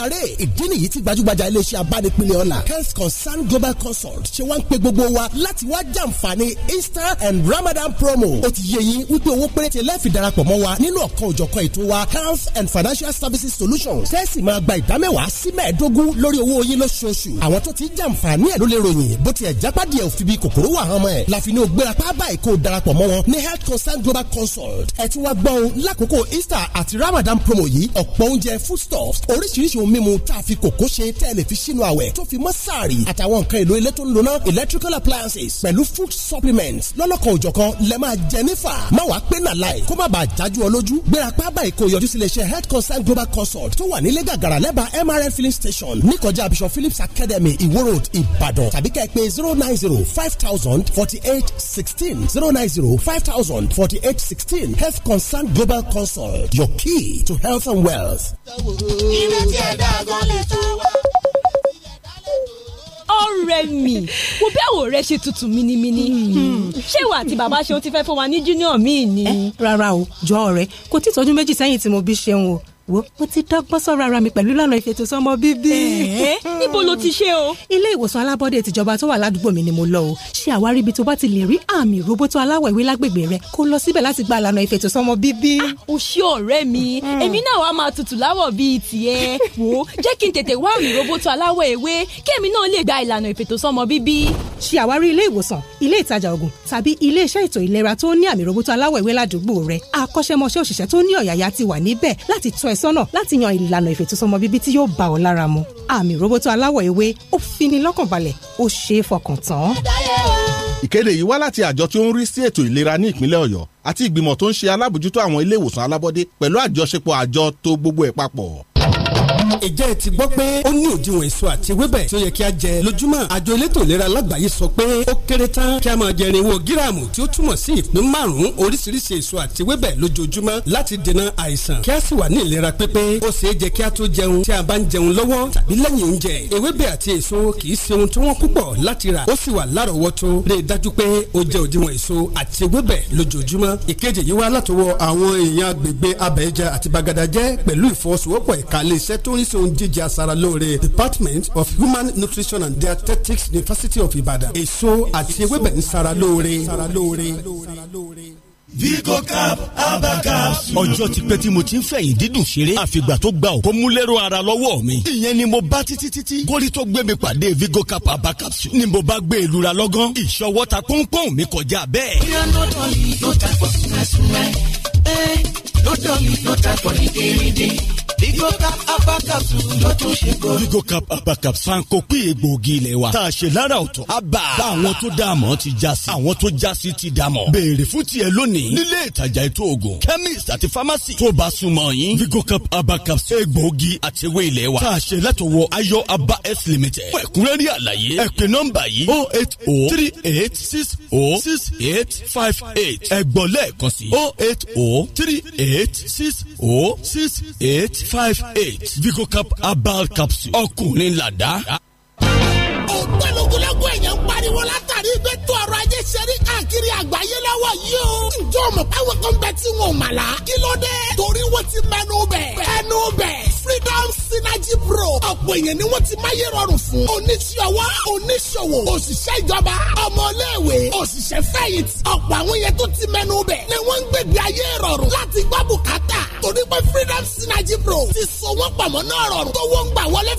ìdí nìyí tí gbajúgbajà iléeṣẹ́ abánipínlẹ̀ ọ̀la health concern global consult ṣe wá ń pe gbogbo wa láti wá jàǹfààní easter and ramadan promo ó ti yẹ yín wípé owó péréte lẹ́ẹ̀fì darapọ̀ mọ́ wa nínú ọ̀kan òjọ̀kan ètò wa health and financial services solutions tẹ́sí máa gba ìdámẹ́wàá sí mẹ́ẹ̀ẹ́dógún lórí owó yín lóṣooṣù àwọn tó ti jàǹfààní ẹ̀ ló lè ròyìn bó ti ẹ̀ jápàdé ẹ̀ òfin bíi kòkòrò wà hàn mọ́ ẹ̀ láfi ní o gbéra pábáyé kó darapọ̀ mọ́ wọn ní health concern global consult ẹ̀ ti wá gbọ́n àkókò Easter àti Ramadan promo yìí ọ̀pọ̀ oúnjẹ foodstuffs oríṣiríṣi ohun mímu tá a fi kòkó ṣe tẹ́lẹ̀ fi sínú àwẹ̀ tó fi mọ́ sáàrì àtàwọn nǹkan èlò ilé tó ń lona electrical appliances pẹ̀lú food supplements lọ́lọ́kan òjọ̀kan lẹ máa jẹ nífà má wàá pé nà láì kó má bàa jájú ọ lójú gbéra pábà èkó yọjú sílé iṣẹ́ health concern global consult tó wà nílé gàgàrà lẹ́bàá MRN filling station níkọjá Bishop Phillips Academy Iwo Road Ìbàdàn tàbí kẹ́ ẹ pé zero nine zero five thousand forty eight sixteen zero nine zero five thousand forty eight sixteen health concern global consult Consult, your key to health and wealth. ọ̀rẹ́ mi wo bí àwọ̀ rẹ ṣe tutù mínímíní hmm. ṣé ìwà àti bàbá ṣeun ti fẹ́ fún wa ní junior mi ni. Eh, rárá o jọ ọ̀rẹ́ kò tí ìtọ́jú méjì sẹ́yìn tí mo bí ṣeun o wo mo ti dọ́gbọ́n sọ̀rọ̀ ara mi pẹ̀lú ìlànà ìfètò sọ́mọ bíbí. níbo ló ti ṣe o. ilé ìwòsàn alábọ́dé tìjọba tó wà ládùúgbò mi ni mo lọ o ṣé àwárí ibi tó bá ti lè rí àmì ìróbótó aláwọ̀ ewé lágbègbè rẹ kó lọ síbẹ̀ láti gba ìlànà ìfètò sọ́mọ bíbí. Ah, o ṣé ọ̀rẹ́ mi hmm. èmi náà wàá máa tutù láwọ̀ bíi tiẹ̀ wò ó jẹ́ kí n tètè wá àmì ìróbótó aláwọ̀ ewé kémi náà lè gba ìlànà ìfètò sọ́mọ bíbí. ṣé àwárí ilé ìwòsàn ilé ìtajà ògùn tàbí ilé iṣẹ́ ètò ìlera tó ní àmì ìróbótó aláwọ̀ ewé ládùúgbò rẹ akọ́ṣẹ́mọṣẹ́ òṣìṣẹ́ tó ní ọ̀yàyà ti wà níbẹ̀ láti tọ́ ẹ ìtọ́nisọ́nà láti yan ìlànà ìfètòsọ́mọ bíbí tí yóò bá ọ lára mu àmì roboto aláwọ̀ ewé ó fini lọ́kànbalẹ̀ ó ṣeé fọkàn tán. ìkéde yìí wá láti àjọ tí ó ń rí sí ètò ìlera ní ìpínlẹ̀ ọ̀yọ́ àti ìgbìmọ̀ tó ń ṣe alábòjútó àwọn ilé ìwòsàn alábọ́dé pẹ̀lú àjọṣepọ̀ àjọ tó gbogbo ẹ̀ papọ̀ ìjẹ́ ti gbọ́ pé ó ní òdiwọ̀n èso àti ewébẹ̀ tí ó yẹ kí a jẹ lójúmọ́ àjọ elétò ìlera lágbàáyé sọ pé ó kéré tán kí a máa jẹ irinwó gíráàmù tí ó túmọ̀ sí ìpín márùn-ún oríṣiríṣi èso àti ewébẹ̀ lójoojúmọ́ láti dènà àìsàn kí a sì wà ní ìlera pípé ó ṣeé jẹ kí a tó jẹun tí a bá ń jẹun lọ́wọ́ tàbí lẹ́yìn oúnjẹ ewébẹ̀ àti èso kì í ṣe ohun tí wọ́n púpọ̀ láti rà ó sì wà lárọ̀ọ́wọ́tó lè oríṣi on aṣara lóore department of human nutrition and dietetics university of ibadan èso àti ewébẹ̀ ń ṣara lóore. Vigo cap abacap. ọjọ́ ti pẹ́ tí mo ti ń fẹ̀yìn dídùn ṣeré àfìgbà tó gbà ó kó mú lérò ara lọ́wọ́ mi. ìyẹn ni mo bá títí títí kórí tó gbé mi pàdé Vigo cap abacap sùn ni mo bá gbé e lura lọ́gán ìṣọwọ́ ta pọ́npọ́n mi kọjá bẹ́ẹ̀. bí ọ̀nà tọ́lì yóò ta fọ súnmẹ́súnmẹ́ ẹ́ lọ́dọ̀lì yóò ta fọ ní kéréje. Vigo cap abba sùn ló tún ṣe kọ́. Vigo cap abacap sanko pé egbòogi ilé wa tá a ṣe lára ọ̀tọ̀. a bá àwọn tó dá àmọ́ ti já sí àwọn tó já sí ti dá mọ́. béèrè fún tiẹ̀ lónìí lónìí nílé ìtajà ètò oògùn chemist àti pharmacy tó bá súnmọ́ yín vigo cap herbal capsule egbòogi àti ewé ilé wa tá a ṣe látọwọ́ ayọ̀ aba s limited fún ẹ̀kúnrẹ́rì àlàyé ẹ pè nọ́mbà yìí o oh eight o oh three eight six o oh six eight five eight ẹ gbọ́ lẹ́ẹ̀kan sí o eight o three eight six o six eight five eight vigo cap herbal capsule ọkùnrin làdá pẹ̀lú ogunlọ́gọ̀ èèyàn pariwo látàrí ibi tó ọrọ̀ ajé ṣẹ́rí káàkiri àgbáyé lọ́wọ́ yìí o. ǹjọ́ mọ̀ báwọn kan bẹ tí wọn ò mà la. kí ló dé? torí wọ́n ti mẹ́nu bẹ̀. mẹ́nu bẹ̀. freedom synergy pro. ọ̀pọ̀ èèyàn ni wọ́n ti máyé rọrùn fún. oníṣòwò oníṣòwò òṣìṣẹ́ ìjọba ọmọléèwé òṣìṣẹ́ fẹ̀yìntì. ọ̀pọ̀ àwọn yẹn tó ti mẹ́nu bẹ̀. ni wọ́n ń gbègbè ayé rọrùn láti gbọ́ bùkátà. torí pé freedom synergy pro ti so wọn pàmò náà rọrùn. tó wọ́n gbà wọlé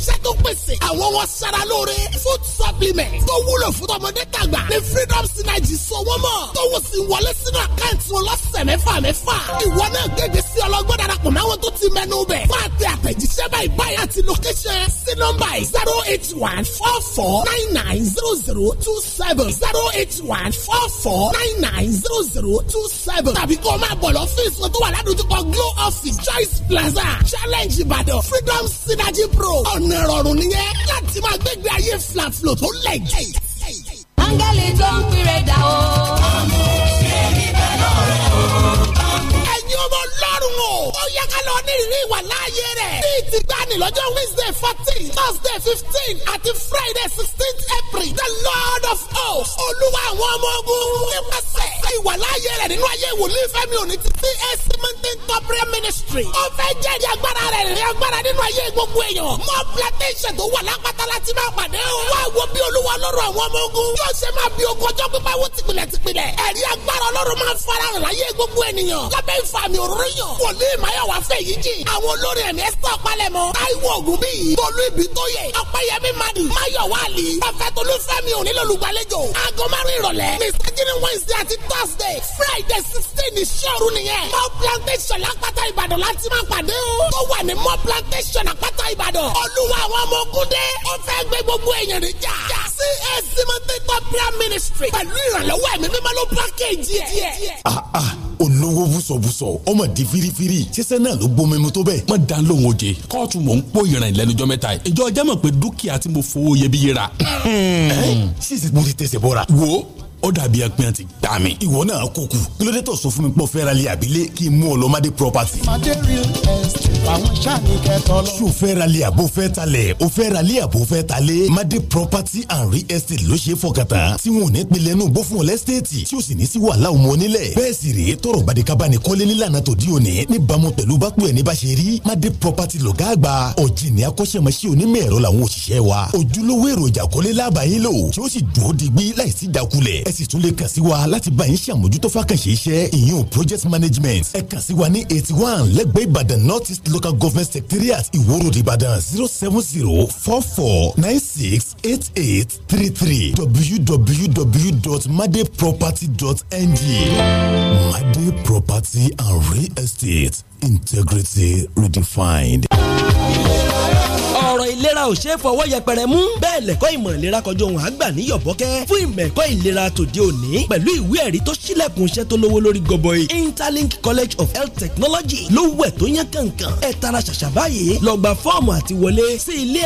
iléeṣẹ́ tó pèsè àwọn wọn sara lóore food supplement tó wúlò fún tọmọdé tàgbà ní freedom synergy sọ wọ́n mọ̀ tó wọ́n sì wọlé sínú àkáǹtì wọn lọ́sẹ̀ mẹ́fà mẹ́fà ìwọ náà gègé sí ọlọ́gbọ́n darapọ̀ máwọn tó ti mẹ́nu bẹ̀ fún àtẹ àtẹ̀jíṣẹ́ báyìí báyìí àti location sí nọ́mbà yìí zero eight one four four nine nine zero zero two seven zero eight one four four nine nine zero zero two seven tàbí kó o máa bọ̀ lọ fíìsì tó wà ládùúgbò Glow Office Choice Plaza Challenge Ìbàdàn Freedom Synergy Pro ọ̀nà ìrọ̀rùn nìyẹn láti máa gbégbé ayé flaflo tó lẹ̀ jẹ́ áńgẹ́lì tó ń pèrè dà o. àmọ́ ṣe ìbẹ̀rù rẹ̀ o ọmọ ọlọ́run o. ó yẹ ká lọ ní ìrírí ìwà láàyè rẹ̀. bí ìtìgbani lọ́jọ́ wednesday fourteen thursday fifteen àti friday sixteen april the lord of hosts olúwa àwọn ọmọ ogun nípasẹ̀ ìwà láàyè rẹ̀ nínú ayé wòlíì fẹ́mi òní ti CAC mountain top prayer ministry. ó fẹ́ jẹ́ ní agbára rẹ̀ rí agbára nínú ayé gbogbo èèyàn. mọ plantation tó wà lápáta láti máa pàdé o. wá wo bí olúwa lọ́rọ̀ àwọn ọmọ ogun. yóò ṣe máa bí ogun ọjọ́ pípa àmì òróró yàn wọlé ìmáyàwá fẹ́ yìí jì àwọn olórin ẹ̀mí ẹ̀sítọ́ palẹ̀mọ́ táíwò ògùn bíi tolú ibi tó yẹ ọ̀pẹ́yẹmí madi máyọ̀wá àlì pàfẹ́tolú fẹ́mi òní lọ́lùgbàlejò aago márùn ìrọ̀lẹ́ mẹsàgìrì wednesday àti thursday friday sixteen iṣẹ́ nìyẹn mọ́ plantation lápáta ìbàdàn láti máa pàdé o tó wà ní mọ́ plantation àpáta ìbàdàn olúwa àwọn ọmọ olówó bùsọ̀bùsọ̀ ọmọ di firifiri ṣiṣẹ́ náà ló gbó mímu tó bẹ́ẹ̀. má da lóhùn oje kóòtù mò ń pò ìrìn lẹ́nujọ́ mẹ́ta yìí ìjọ ọjà mọ̀ pé dúkìá tí mo fowó iyebíye ra. Hmm. ẹ ṣíṣe mo ti tẹsẹ̀ bọ́ra. wo ó dàbí ẹpin àti gbà mí. ìwọ náà kò kù kí ló dé tó sọ fún mi pọ̀ fẹ́rali àbílẹ̀ kí n mú ọ lọ Mádé property. Mádé real estate àwọn sáàni kẹtọ lọ. ṣé o fẹ́ rali àbò fẹ́ talẹ̀ o fẹ́ rali àbò fẹ́ talẹ̀ Mádé property and real estate ló ṣe é fọkàtà tí wọn ò ní pilẹ̀ nù bó fún ọ lẹ́sítẹ́ẹ̀tì tí o sì ní sí wàhálà ọmọ onílẹ̀. bẹ́ẹ̀ sì rèé tọrọ bàdìkábà ní kọ́lé nílànà tó di òní níbàámu pẹ̀lú bápò ẹ̀ ní bá ṣe rí Mádé property lọ̀gá àgbà ọ̀jìnì akọ́ṣẹ́mọṣẹ́ onímọ̀ ẹ̀rọ làwọn òṣìṣẹ́ wa ojúlówó èròjà kọ́lé lábàáyé lò tí ó sì dùn ó digbí láìsí ìjákulẹ̀ ẹ sì tún lè kàn sí wa láti bá yín ṣàmójútó fàkànṣe iṣẹ́ ìyún project management ẹ kàn sí wa ní eighty one lẹ́gbẹ̀ẹ́ ìbàdàn north east local government secretariat ìwòrò ìbàdàn zero seven zero four four nine six eight eight three three www.madeproperty.ng Made Property and Real Estate Integrity Redefined. Oh, ọ̀rọ̀ ìlera ò ṣeé fọwọ́ yẹpẹrẹ mú bẹ́ẹ̀ lẹ̀kọ́ ìmọ̀ ìlera kọjú ohun àgbà ní yọ̀bọ́kẹ́ fún ìmọ̀ ìlera tòde òní pẹ̀lú ìwé ẹ̀rí tó ṣílẹ̀kùn iṣẹ́ tó lówó lórí gọbọi interlink college of health technology ló wẹ̀ tó yán kankan ẹ̀ tara ṣàṣà báyìí lọ gba fọ́ọ̀mù àti wọlé sí ilé